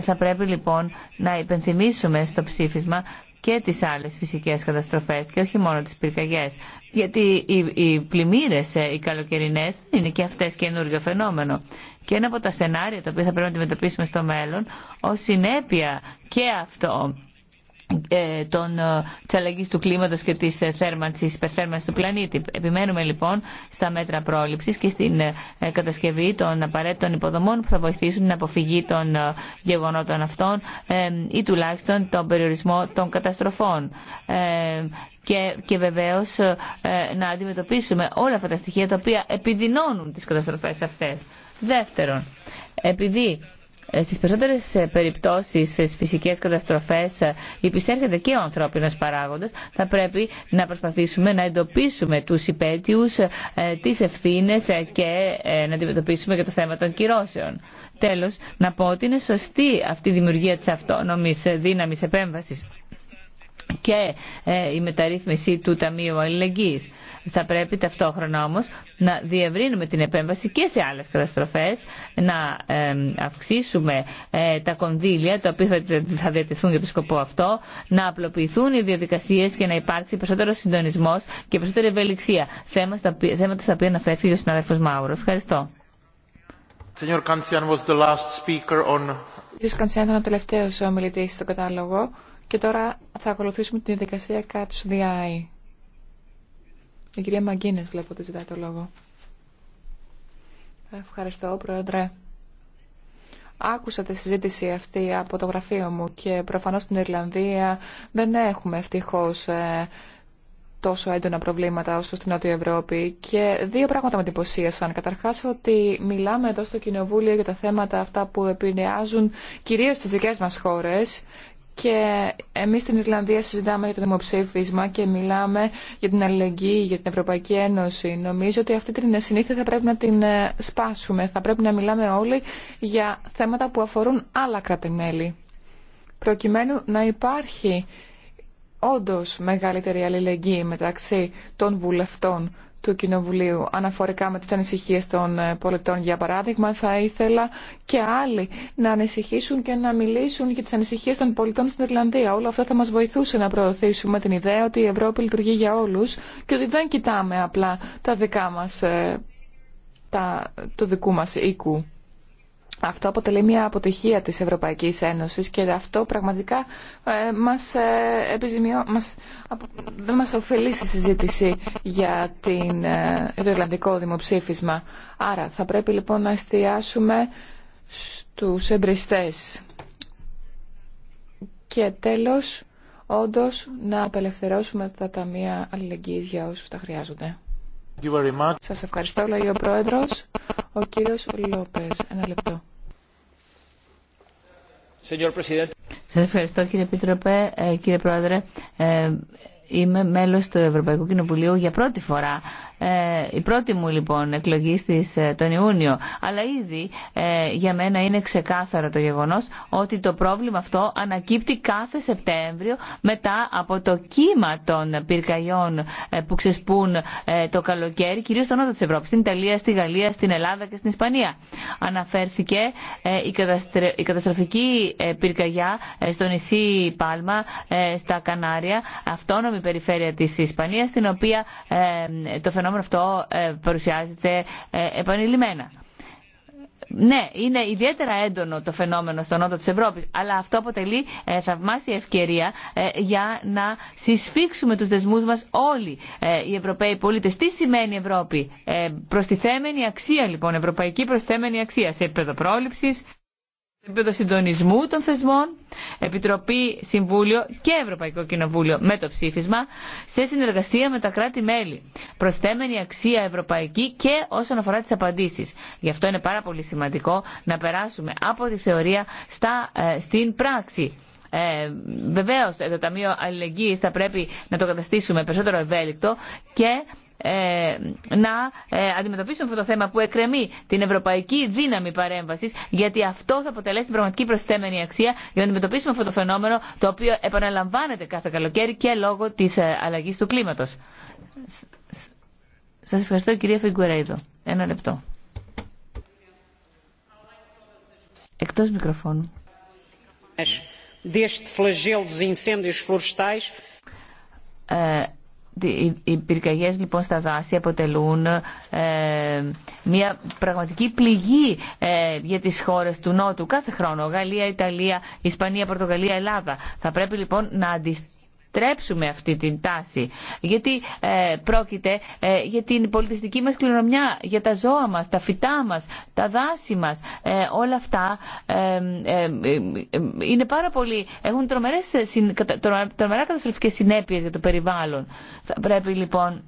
[SPEAKER 5] Θα πρέπει λοιπόν να υπενθυμίσουμε στο ψήφισμα και τις άλλες φυσικές καταστροφές και όχι μόνο τις πυρκαγιές. Γιατί οι, οι πλημμύρες, οι καλοκαιρινές, είναι και αυτές καινούργιο φαινόμενο. Και ένα από τα σενάρια τα οποία θα πρέπει να αντιμετωπίσουμε στο μέλλον, ως συνέπεια και αυτό ε, των ε, της αλλαγής του κλίματος και της ε, θέρμανσης, υπερθέρμανσης του πλανήτη. Επιμένουμε λοιπόν στα μέτρα πρόληψης και στην κατασκευή των απαραίτητων υποδομών που θα βοηθήσουν την αποφυγή των γεγονότων αυτών ή τουλάχιστον τον περιορισμό των καταστροφών. και, και βεβαίως να αντιμετωπίσουμε όλα αυτά τα στοιχεία τα οποία επιδεινώνουν τις καταστροφές αυτές. Δεύτερον, επειδή ε, στις περισσότερες ε, περιπτώσεις ε, στι φυσικές καταστροφές υπησέρχεται και ο ανθρώπινος παράγοντας θα πρέπει να προσπαθήσουμε να εντοπίσουμε τους υπέτειους τις ευθύνες και να αντιμετωπίσουμε και το θέμα των κυρώσεων. Τέλος, να πω ότι είναι σωστή αυτή η δημιουργία της αυτόνομης δύναμης επέμβασης και ε, η μεταρρύθμιση του Ταμείου Αλληλεγγύης. Θα πρέπει ταυτόχρονα όμως να διευρύνουμε την επέμβαση και σε άλλες καταστροφές, να ε, αυξήσουμε ε, τα κονδύλια τα οποία θα διατηθούν για το σκοπό αυτό, να απλοποιηθούν οι διαδικασίες και να υπάρξει περισσότερο συντονισμός και περισσότερη ευελιξία. Θέματα, θέματα στα οποία αναφέρθηκε ο
[SPEAKER 1] συνάδελφος Μάουρο. Ευχαριστώ. Κύριος Καντσιάν ο τελευταίος ομιλητής στο κατάλογο. Και τώρα θα ακολουθήσουμε την διαδικασία Catch the Eye. Η κυρία Μαγκίνες βλέπω ότι ζητάει το λόγο. Ευχαριστώ, Πρόεδρε. Άκουσα τη συζήτηση αυτή από το γραφείο μου και προφανώς στην Ιρλανδία δεν έχουμε ευτυχώς ε, τόσο έντονα προβλήματα όσο στην Νότια Ευρώπη. Και δύο πράγματα με εντυπωσίασαν. Καταρχάς ότι μιλάμε εδώ στο Κοινοβούλιο για τα θέματα αυτά που επηρεάζουν κυρίως τι δικέ μας χώρες. Και εμείς στην Ιρλανδία συζητάμε για το δημοψήφισμα και μιλάμε για την αλληλεγγύη, για την Ευρωπαϊκή Ένωση. Νομίζω ότι αυτή την συνήθεια θα πρέπει να την ε, σπάσουμε. Θα πρέπει να μιλάμε όλοι για θέματα που αφορούν άλλα κράτη-μέλη. Προκειμένου να υπάρχει όντως μεγαλύτερη αλληλεγγύη μεταξύ των βουλευτών του Κοινοβουλίου αναφορικά με τις ανησυχίες των ε, πολιτών για παράδειγμα θα ήθελα και άλλοι να ανησυχήσουν και να μιλήσουν για τις ανησυχίες των πολιτών στην Ιρλανδία. Όλα αυτά θα μας βοηθούσε να προωθήσουμε την ιδέα ότι η Ευρώπη λειτουργεί για όλους και ότι δεν κοιτάμε απλά τα δικά μας, ε, τα, το δικού μας οίκου. Αυτό αποτελεί μια αποτυχία της Ευρωπαϊκής Ένωσης και αυτό πραγματικά ε, μας, ε, επιζημιώ, μας, δεν μας ωφελεί στη συζήτηση για, την, ε, το Ιρλανδικό δημοψήφισμα. Άρα θα πρέπει λοιπόν να εστιάσουμε στους εμπριστές. Και τέλος, όντως, να απελευθερώσουμε τα ταμεία αλληλεγγύης για όσους τα χρειάζονται. Σας ευχαριστώ, λέει ο Πρόεδρος. Ο κύριος Λόπες. Ένα λεπτό.
[SPEAKER 10] Σας
[SPEAKER 5] ευχαριστώ κύριε Επίτροπε, ε, κύριε Πρόεδρε. Ε, είμαι μέλος του Ευρωπαϊκού Κοινοβουλίου για πρώτη φορά. Ε, η πρώτη μου λοιπόν εκλογή στις, ε, τον Ιούνιο. Αλλά ήδη ε, για μένα είναι ξεκάθαρο το γεγονός ότι το πρόβλημα αυτό ανακύπτει κάθε Σεπτέμβριο μετά από το κύμα των πυρκαγιών ε, που ξεσπούν ε, το καλοκαίρι, κυρίως στον νότο της Ευρώπης, στην Ιταλία, στη Γαλλία, στην Ελλάδα και στην Ισπανία. Αναφέρθηκε η, καταστροφική πυρκαγιά στο νησί Πάλμα, στα Κανάρια, αυτόνομη περιφέρεια της Ισπανίας στην οποία ε, το φαινόμενο αυτό ε, παρουσιάζεται ε, επανειλημμένα. Ναι, είναι ιδιαίτερα έντονο το φαινόμενο στον νότο της Ευρώπης, αλλά αυτό αποτελεί θαυμάσια ευκαιρία για να συσφίξουμε τους δεσμούς μας όλοι οι Ευρωπαίοι πολίτες. Τι σημαίνει Ευρώπη? Προστιθέμενη αξία λοιπόν, ευρωπαϊκή προστιθέμενη αξία σε επίπεδο πρόληψης, επίπεδο συντονισμού των θεσμών, Επιτροπή, Συμβούλιο και Ευρωπαϊκό Κοινοβούλιο με το ψήφισμα, σε συνεργασία με τα κράτη-μέλη. Προσθέμενη αξία ευρωπαϊκή και όσον αφορά τι απαντήσει. Γι' αυτό είναι πάρα πολύ σημαντικό να περάσουμε από τη θεωρία στα, ε, στην πράξη. Ε, Βεβαίω το Ταμείο Αλληλεγγύη θα πρέπει να το καταστήσουμε περισσότερο ευέλικτο και ε, να ε, αντιμετωπίσουμε αυτό το θέμα που εκκρεμεί την ευρωπαϊκή δύναμη παρέμβαση, γιατί αυτό θα αποτελέσει την πραγματική προσθέμενη αξία για να αντιμετωπίσουμε αυτό το φαινόμενο, το οποίο επαναλαμβάνεται κάθε καλοκαίρι και λόγω τη ε, αλλαγή του κλίματο. Σα ευχαριστώ, κυρία Φιγκουρέιδο. Ένα λεπτό. Εκτός μικροφώνου. Οι πυρκαγιές λοιπόν στα δάση αποτελούν ε, μια πραγματική πληγή ε, για τις χώρες του Νότου κάθε χρόνο. Γαλλία, Ιταλία, Ισπανία, Πορτογαλία, Ελλάδα. Θα πρέπει λοιπόν να αντιστοιχούν τρέψουμε αυτή την τάση. Γιατί ε, πρόκειται ε, για την πολιτιστική μας κληρονομιά, για τα ζώα μας, τα φυτά μας, τα δάση μας. Ε, όλα αυτά είναι πάρα πολύ, έχουν τρομερές, τρομερά καταστροφικές συνέπειες για το περιβάλλον. Θα πρέπει λοιπόν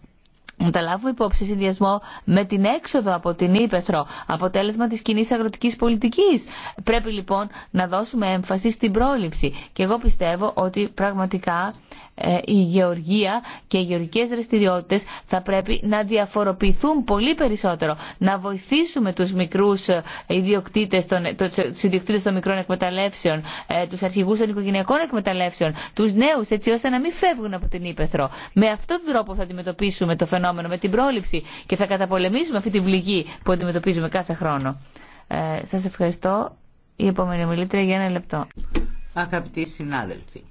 [SPEAKER 5] να τα λάβουμε υπόψη συνδυασμό με την έξοδο από την Ήπεθρο, αποτέλεσμα της κοινή αγροτικής πολιτικής. Πρέπει λοιπόν να δώσουμε έμφαση στην πρόληψη. Και εγώ πιστεύω ότι πραγματικά ε, η γεωργία και οι γεωργικές δραστηριότητες θα πρέπει να διαφοροποιηθούν πολύ περισσότερο. Να βοηθήσουμε τους μικρούς ε, ιδιοκτήτες των, ε, τους ιδιοκτήτες των μικρών εκμεταλλεύσεων, τους αρχηγούς των οικογενειακών εκμεταλλεύσεων, τους νέους έτσι ώστε να μην φεύγουν από την Ήπεθρο. Με αυτόν τον τρόπο θα αντιμετωπίσουμε το φαινόμενο, με την πρόληψη και θα καταπολεμήσουμε αυτή την πληγή που αντιμετωπίζουμε κάθε χρόνο. Ε, σας ευχαριστώ. Η επόμενη μιλήτρια για ένα λεπτό.
[SPEAKER 9] Αγαπητοί συνάδελφοι,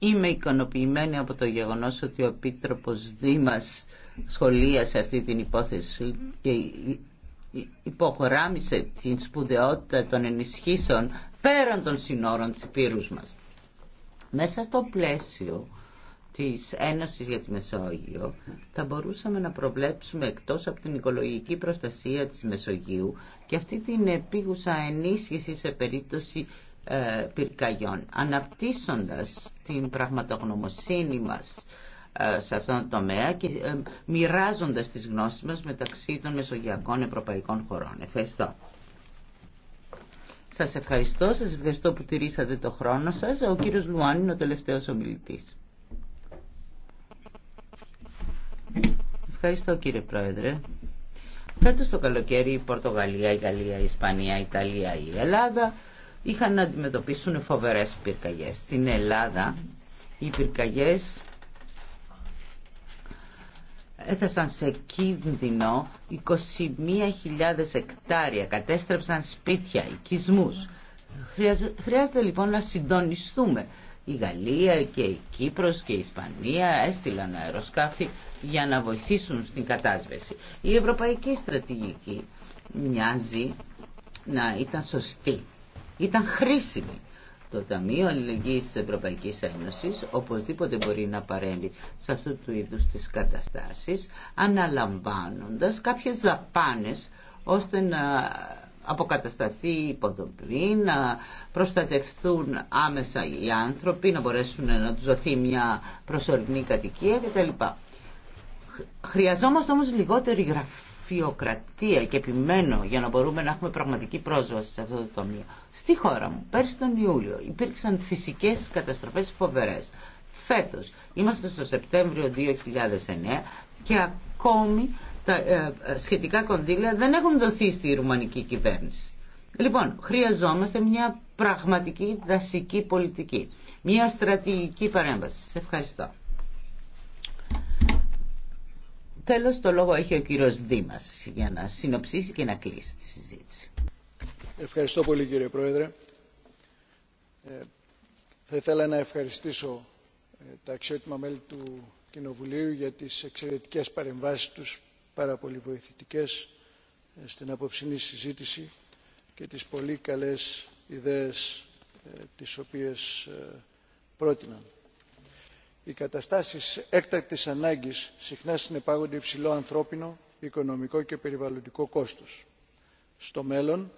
[SPEAKER 9] Είμαι ικανοποιημένη από το γεγονός ότι ο Επίτροπος Δήμας σχολίασε αυτή την υπόθεση και υποχωράμισε την σπουδαιότητα των ενισχύσεων πέραν των συνόρων της πύρους μας. Μέσα στο πλαίσιο της Ένωσης για τη Μεσόγειο θα μπορούσαμε να προβλέψουμε εκτός από την οικολογική προστασία της Μεσογείου και αυτή την επίγουσα ενίσχυση σε περίπτωση ε, πυρκαγιών. Αναπτύσσοντας την πραγματογνωμοσύνη μας ε, σε αυτόν τον τομέα και ε, μοιράζοντας τις γνώσεις μας μεταξύ των μεσογειακών ευρωπαϊκών χωρών. Ευχαριστώ. Σας ευχαριστώ, σας ευχαριστώ που τηρήσατε το χρόνο σας. Ο κύριος Λουάν είναι ο τελευταίος ομιλητής. Ευχαριστώ κύριε Πρόεδρε. Φέτος το καλοκαίρι η Πορτογαλία, η Γαλλία, η Ισπανία, η Ιταλία, η Ελλάδα είχαν να αντιμετωπίσουν φοβερές πυρκαγιές. Στην Ελλάδα οι πυρκαγιές έθεσαν σε κίνδυνο 21.000 εκτάρια, κατέστρεψαν σπίτια, οικισμούς. Χρειάζεται λοιπόν να συντονιστούμε. Η Γαλλία και η Κύπρος και η Ισπανία έστειλαν αεροσκάφη για να βοηθήσουν στην κατάσβεση. Η ευρωπαϊκή στρατηγική μοιάζει να ήταν σωστή ήταν χρήσιμη. Το Ταμείο Αλληλεγγύης της Ευρωπαϊκής Ένωσης οπωσδήποτε μπορεί να παρέμβει σε αυτού του είδους της καταστάσεις αναλαμβάνοντας κάποιες λαπάνες ώστε να αποκατασταθεί η υποδομή, να προστατευθούν άμεσα οι άνθρωποι, να μπορέσουν να τους δοθεί μια προσωρινή κατοικία κτλ. Χρειαζόμαστε όμως λιγότερη γραφή φιοκρατία και επιμένω για να μπορούμε να έχουμε πραγματική πρόσβαση σε αυτό το τομείο. Στη χώρα μου, πέρσι τον Ιούλιο, υπήρξαν φυσικές καταστροφές φοβερές. Φέτος, είμαστε στο Σεπτέμβριο 2009 και ακόμη τα ε, ε, σχετικά κονδύλια δεν έχουν δοθεί στη ρουμανική κυβέρνηση. Λοιπόν, χρειαζόμαστε μια πραγματική δασική πολιτική, μια στρατηγική παρέμβαση. Σε ευχαριστώ. Τέλος, το λόγο έχει ο κύριος Δήμας για να συνοψίσει και να κλείσει τη συζήτηση.
[SPEAKER 2] Ευχαριστώ πολύ κύριε Πρόεδρε. Ε, θα ήθελα να ευχαριστήσω ε, τα αξιότιμα μέλη του Κοινοβουλίου για τις εξαιρετικές παρεμβάσεις τους, πάρα πολύ βοηθητικές ε, στην απόψινή συζήτηση και τις πολύ καλές ιδέες τις οποίες πρότειναν οι καταστάσει έκτακτης ανάγκης συχνά συνεπάγονται υψηλό ανθρώπινο οικονομικό και περιβαλλοντικό κόστος. στο μέλλον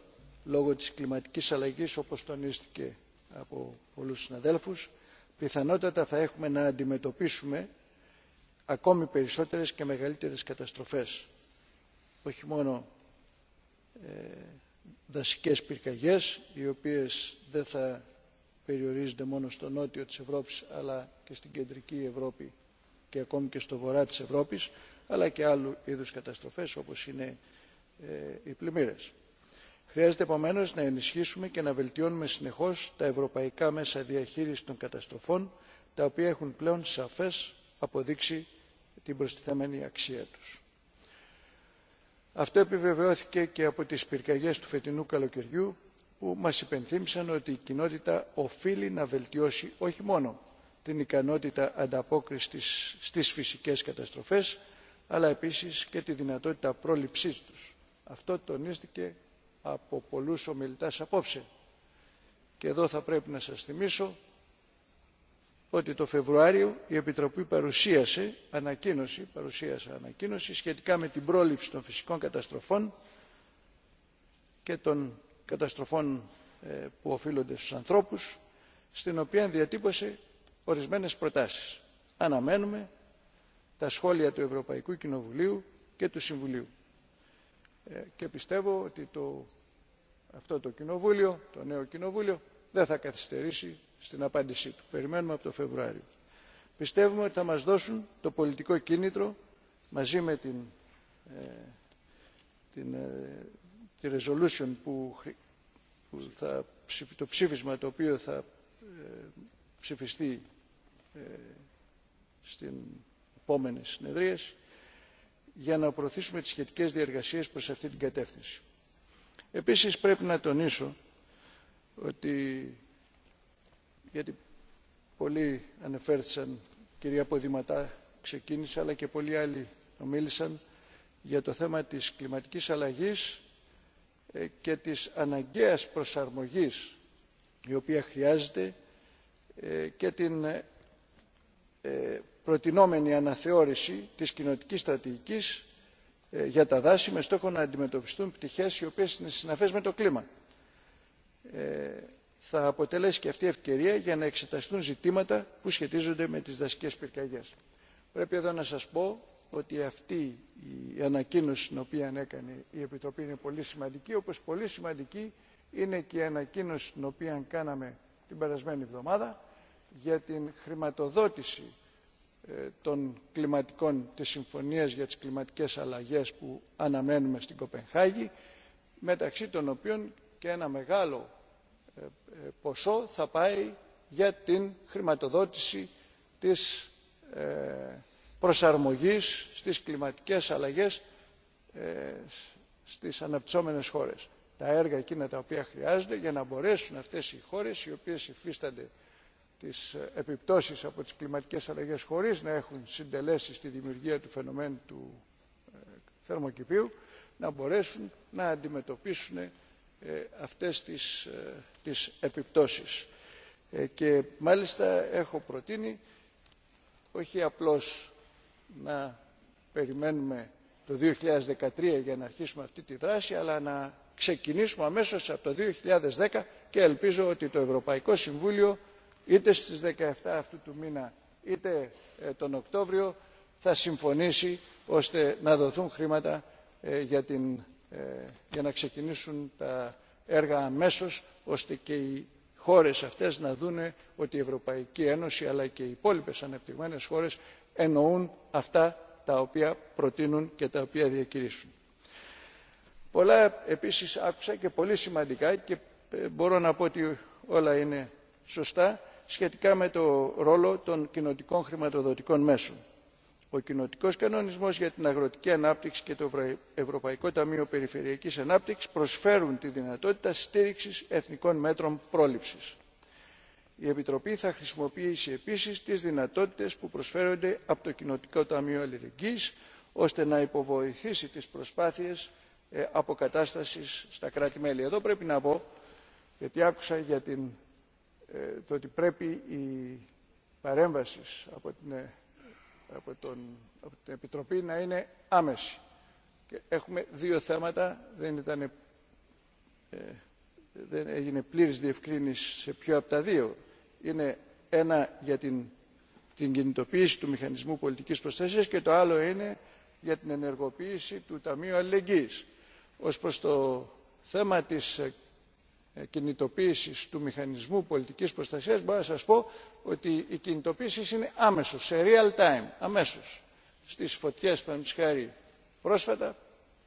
[SPEAKER 2] λόγω της κλιματικής αλλαγής όπως τονίστηκε από πολλού συναδέλφου, πιθανότατα θα έχουμε να αντιμετωπίσουμε ακόμη περισσότερες και μεγαλύτερες καταστροφές όχι μόνο ε, δασικέ πυρκαγιέ, οι οποίε δεν θα περιορίζεται μόνο στο νότιο της Ευρώπης αλλά και στην κεντρική Ευρώπη και ακόμη και στο βορρά της Ευρώπης αλλά και άλλου είδους καταστροφές όπως είναι ε, οι πλημμύρες. Χρειάζεται επομένω να ενισχύσουμε και να βελτιώνουμε συνεχώς τα ευρωπαϊκά μέσα διαχείριση των καταστροφών, τα οποία έχουν πλέον σαφές αποδείξει την προστιθέμενη αξία τους. Αυτό επιβεβαιώθηκε και από τις πυρκαγιές του φετινού καλοκαιριού, που μας υπενθύμησαν ότι η κοινότητα οφείλει να βελτιώσει όχι μόνο την ικανότητα ανταπόκρισης στις φυσικές καταστροφές αλλά επίσης και τη δυνατότητα πρόληψής τους. Αυτό τονίστηκε από πολλούς ομιλητές απόψε. Και εδώ θα πρέπει να σας θυμίσω ότι το Φεβρουάριο η Επιτροπή παρουσίασε ανακοίνωση, παρουσίασε ανακοίνωση σχετικά με την πρόληψη των φυσικών καταστροφών και των καταστροφών ε, που οφείλονται στους ανθρώπους στην οποία διατύπωσε ορισμένες προτάσεις. Αναμένουμε τα σχόλια του Ευρωπαϊκού Κοινοβουλίου και του Συμβουλίου. Ε, και πιστεύω ότι το, αυτό το κοινοβούλιο, το νέο κοινοβούλιο, δεν θα καθυστερήσει στην απάντησή του. Περιμένουμε από το Φεβρουάριο. Πιστεύουμε ότι θα μας δώσουν το πολιτικό κίνητρο μαζί με την ε, τη resolution που, το ψήφισμα το οποίο θα ε, ψηφιστεί ε, στην επόμενη για να προωθήσουμε τις σχετικές διεργασίες προς αυτή την κατεύθυνση. Επίσης πρέπει να τονίσω ότι γιατί πολλοί ανεφέρθησαν, κυρία Ποδηματά ξεκίνησε αλλά και πολλοί άλλοι μίλησαν για το θέμα της κλιματικής αλλαγής ε, και της αναγκαίας προσαρμογής η οποία χρειάζεται ε, και την ε, προτινόμενη αναθεώρηση της κοινοτικής στρατηγικής για τα δάση με στόχο να αντιμετωπιστούν πτυχές οι οποίες είναι συναφές με το κλίμα. Θα αποτελέσει και αυτή ευκαιρία για να εξεταστούν ζητήματα που σχετίζονται με τις δασικές πυρκαγιές. Πρέπει εδώ να σας πω ότι αυτή η ανακοίνωση την οποία έκανε η Επιτροπή είναι πολύ σημαντική, όπως πολύ σημαντική είναι και η ανακοίνωση την οποία κάναμε την περασμένη εβδομάδα για την χρηματοδότηση ε, των κλιματικών, της συμφωνίας για τις κλιματικές αλλαγές που αναμένουμε στην Κοπενχάγη, μεταξύ των οποίων και ένα μεγάλο ε, ε, ποσό θα πάει για την χρηματοδότηση της προσαρμογής στις κλιματικές αλλαγές ε, στις αναπτυσσόμενες χώρες. Τα έργα εκείνα τα οποία χρειάζονται για να μπορέσουν αυτές οι χώρες οι οποίες υφίστανται τις ε, επιπτώσεις από τις κλιματικές αλλαγές χωρίς να έχουν συντελέσει στη δημιουργία του φαινομένου του ε, θερμοκηπίου να μπορέσουν να αντιμετωπίσουν αυτές τις, τις επιπτώσεις. Και μάλιστα έχω προτείνει όχι απλώς να περιμένουμε το 2013 για να αρχίσουμε αυτή τη δράση, αλλά να ξεκινήσουμε αμέσως από το 2010 και ελπίζω ότι το Ευρωπαϊκό Συμβούλιο είτε στις 17 αυτού του μήνα είτε ε, τον Οκτώβριο θα συμφωνήσει ώστε να δοθούν χρήματα ε, για, την, ε, για να ξεκινήσουν τα έργα αμέσως ώστε και οι χώρες αυτές να δούνε ότι η Ευρωπαϊκή Ένωση αλλά και οι υπόλοιπες ανεπτυγμένες χώρες εννοούν αυτά τα οποία προτείνουν και τα οποία διακηρύσσουν. Πολλά επίσης άκουσα και πολύ σημαντικά και ε, μπορώ να πω ότι όλα είναι σωστά σχετικά με το ρόλο των κοινοτικών χρηματοδοτικών μέσων. Ο κοινοτικό κανονισμό για την αγροτική ανάπτυξη και το Ευρωπαϊκό Ταμείο Περιφερειακής Ανάπτυξη προσφέρουν τη δυνατότητα στήριξη εθνικών μέτρων πρόληψη η επιτροπή θα χρησιμοποιήσει επίσης τις δυνατότητες που προσφέρονται από το κοινοτικό ταμείο αλληλεγγύης ώστε να υποβοηθήσει τις προσπάθειες ε, αποκατάστασης στα κράτη μέλη. εδώ πρέπει να πω γιατί άκουσα για την, ε, το ότι πρέπει η παρέμβαση από, ε, από, την επιτροπή να είναι άμεση. Και έχουμε δύο θέματα δεν, ήταν, δεν έγινε πλήρης διευκρίνηση σε ποιο από τα δύο είναι ένα για την, κινητοποίηση του μηχανισμού πολιτικής προστασίας και το άλλο είναι για την ενεργοποίηση του Ταμείου Αλληλεγγύης. Ως προς το θέμα της ε, κινητοποίησης του μηχανισμού πολιτικής προστασίας μπορώ να σας πω ότι οι κινητοποίηση είναι άμεσος, σε real time, αμέσως. Στις φωτιές, χάρη πρόσφατα,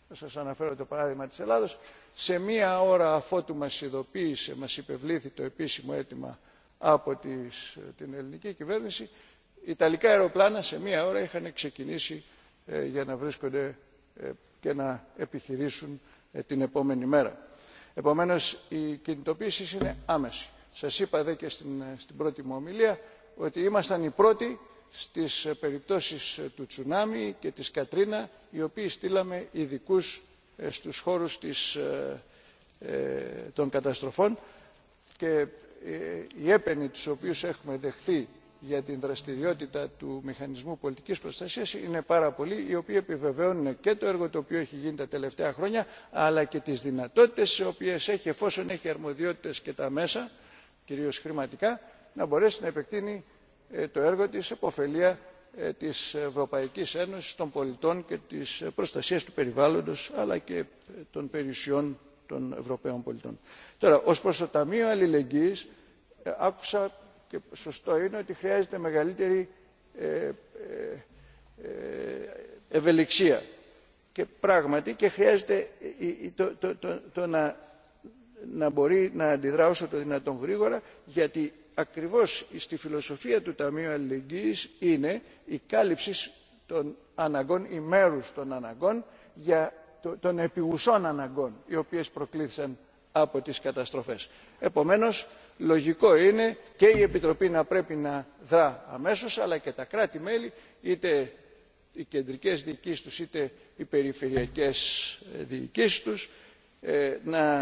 [SPEAKER 2] θα σας αναφέρω το παράδειγμα της Ελλάδος, σε μία ώρα αφότου μας ειδοποίησε, μας υπευλήθη το επίσημο αίτημα από τις, την ελληνική κυβέρνηση ιταλικά αεροπλάνα σε μία ώρα είχαν ξεκινήσει ε, για να βρίσκονται ε, και να επιχειρήσουν ε, την επόμενη μέρα. Επομένως οι κινητοποίηση είναι άμεση. Σας είπα δε και στην, στην πρώτη μου ομιλία ότι ήμασταν οι πρώτοι στις περιπτώσεις του τσουνάμι και της Κατρίνα οι οποίοι στείλαμε ειδικού στους χώρους της, των καταστροφών και ε, οι έπαινοι τους οποίους έχουμε δεχθεί για την δραστηριότητα του μηχανισμού πολιτικής προστασίας είναι πάρα πολλοί οι οποίοι επιβεβαιώνουν και το έργο το οποίο έχει γίνει τα τελευταία χρόνια αλλά και τις δυνατότητες τις οποίες έχει εφόσον έχει αρμοδιότητες και τα μέσα κυρίως χρηματικά να μπορέσει να επεκτείνει ε, το έργο της επωφελία ε, της Ευρωπαϊκής Ένωσης των πολιτών και της προστασίας του περιβάλλοντος αλλά και των περιουσιών των Ευρωπαίων πολιτών. Τώρα, ως προς το Ταμείο Αλληλεγγύης, ε, άκουσα και σωστό είναι ότι χρειάζεται μεγαλύτερη ε, ε, ευελιξία και πράγματι και χρειάζεται το, να, μπορεί να όσο το δυνατόν γρήγορα γιατί ακριβώς στη φιλοσοφία του Ταμείου Αλληλεγγύης είναι η κάλυψη των αναγκών, ημέρους των αναγκών για των επιγουσών αναγκών οι οποίες προκλήθησαν από τις καταστροφές. επομένως λογικό είναι και η επιτροπή να πρέπει να δρά αμέσως αλλά και τα κράτη μέλη είτε οι κεντρικές διοικήσεις τους είτε οι περιφερειακές ε, διοικήσεις τους ε, να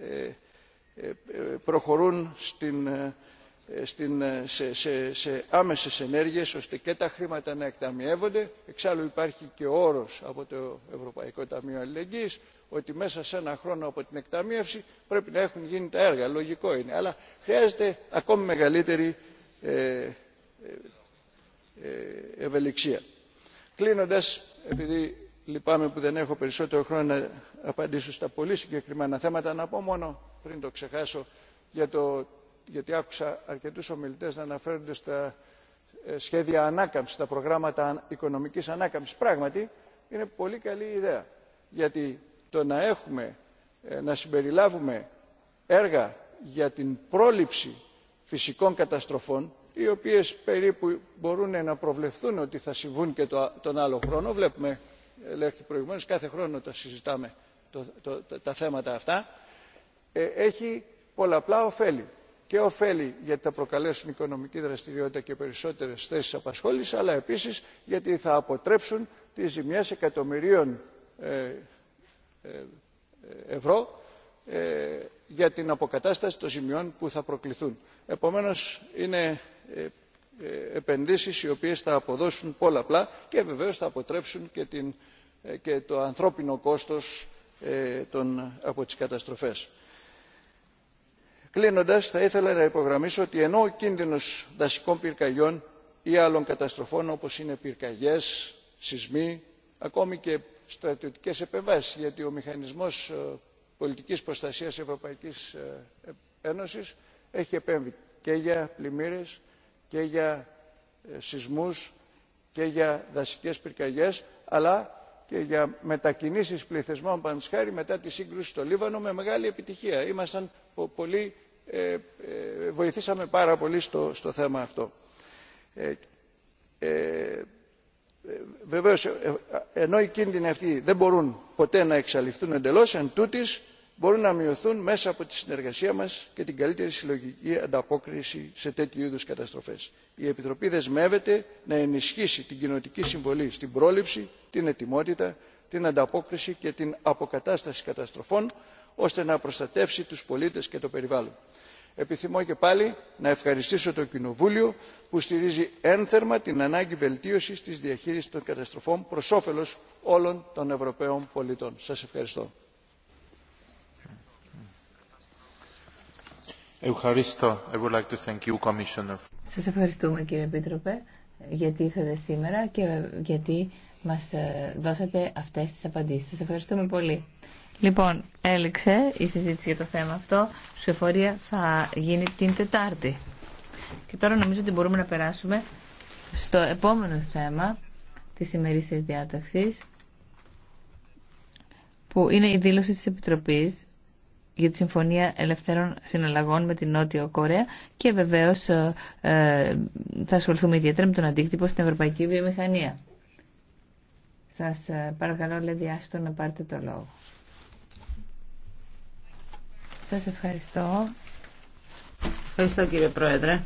[SPEAKER 2] ε, προχωρούν στην ε, σε, άμεσες ενέργειες ώστε και τα χρήματα να εκταμιεύονται. Εξάλλου υπάρχει και ο όρος από το Ευρωπαϊκό Ταμείο Αλληλεγγύης ότι μέσα σε ένα χρόνο από την εκταμίευση πρέπει να έχουν γίνει τα έργα. Λογικό είναι. Αλλά χρειάζεται ακόμη μεγαλύτερη ε, ε, ευελιξία. Κλείνοντας, επειδή λυπάμαι που δεν έχω περισσότερο χρόνο να απαντήσω στα πολύ συγκεκριμένα θέματα, να πω μόνο πριν το ξεχάσω για το γιατί άκουσα αρκετούς ομιλητές να αναφέρονται στα ε, σχέδια ανάκαμψης, τα προγράμματα οικονομικής ανάκαμψης. Πράγματι, είναι πολύ καλή ιδέα. Γιατί το να έχουμε, ε, να συμπεριλάβουμε έργα για την πρόληψη φυσικών καταστροφών, οι οποίες περίπου μπορούν να προβλεφθούν ότι θα συμβούν και τον άλλο χρόνο. Βλέπουμε, ε, λέχθη προηγουμένως, κάθε χρόνο τα συζητάμε τα θέματα αυτά. έχει πολλαπλά ωφέλη και ωφέλη γιατί θα προκαλέσουν οικονομική δραστηριότητα και περισσότερες θέσεις απασχόλησης αλλά επίσης γιατί θα αποτρέψουν τις ζημιές εκατομμυρίων ε, ε, ευρώ ε, για την αποκατάσταση των ζημιών που θα προκληθούν. επομένως είναι επενδύσεις οι οποίες θα αποδώσουν πολλαπλά και βεβαίως θα αποτρέψουν και, την, το ανθρώπινο κόστος των, από τις καταστροφές. Κλείνοντα θα ήθελα να υπογραμμίσω ότι ενώ ο κίνδυνος δασικών πυρκαγιών ή άλλων καταστροφών όπως είναι πυρκαγιές σεισμοί ακόμη και στρατιωτικές επεμβάσεις γιατί ο μηχανισμός ε, πολιτικής προστασίας ευρωπαϊκής ε, ένωσης έχει επέμβει και για πλημμύρες και για ε, σεισμούς και για δασικέ πυρκαγιές αλλά και για μετακινήσεις πληθυσμών παραδείγματος μετά τη σύγκρουση στο λίβανο με μεγάλη επιτυχία. πολύ, ε, ε, βοηθήσαμε πάρα πολύ στο, στο θέμα αυτό. Ε, ε βεβαίως ενώ οι κίνδυνοι αυτοί δεν μπορούν ποτέ να εξαλειφθούν εντελώ εν τούτης μπορούν να μειωθούν μέσα από τη συνεργασία μα και την καλύτερη συλλογική ανταπόκριση σε τέτοιου είδου καταστροφέ. η επιτροπή δεσμεύεται να ενισχύσει την κοινοτική συμβολή στην πρόληψη την ετοιμότητα την ανταπόκριση και την αποκατάσταση καταστροφών ώστε να προστατεύσει του πολίτε και το περιβάλλον. επιθυμώ και πάλι να ευχαριστήσω το κοινοβούλιο που στηρίζει ένθερμα την ανάγκη βελτίωση τη διαχείριση των καταστροφών προ όφελο όλων των ευρωπαίων πολιτών. Σα ευχαριστώ.
[SPEAKER 3] Ευχαριστώ.
[SPEAKER 5] Σας ευχαριστούμε κύριε Επίτροπε γιατί ήρθατε σήμερα και γιατί μας ε, δώσατε αυτές τις απαντήσεις. Σας ευχαριστούμε πολύ. Λοιπόν, έληξε η συζήτηση για το θέμα αυτό. συμφορία θα γίνει την Τετάρτη. Και τώρα νομίζω ότι μπορούμε να περάσουμε στο επόμενο θέμα της ημερήσιας διάταξης που είναι η δήλωση της Επιτροπής για τη Συμφωνία Ελευθέρων Συναλλαγών με την Νότιο Κορέα και βεβαίως ε, ε, θα ασχοληθούμε ιδιαίτερα με τον αντίκτυπο στην Ευρωπαϊκή Βιομηχανία. Σας ε, παρακαλώ, Λέδη Άστο, να πάρετε το λόγο. Σας ευχαριστώ.
[SPEAKER 9] Ευχαριστώ, κύριε Πρόεδρε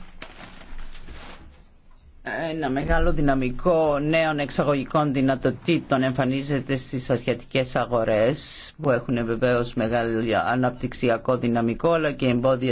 [SPEAKER 9] ένα μεγάλο δυναμικό νέων εξαγωγικών δυνατοτήτων εμφανίζεται στις ασιατικές αγορές που έχουν βεβαίως μεγάλο αναπτυξιακό δυναμικό αλλά και εμπόδια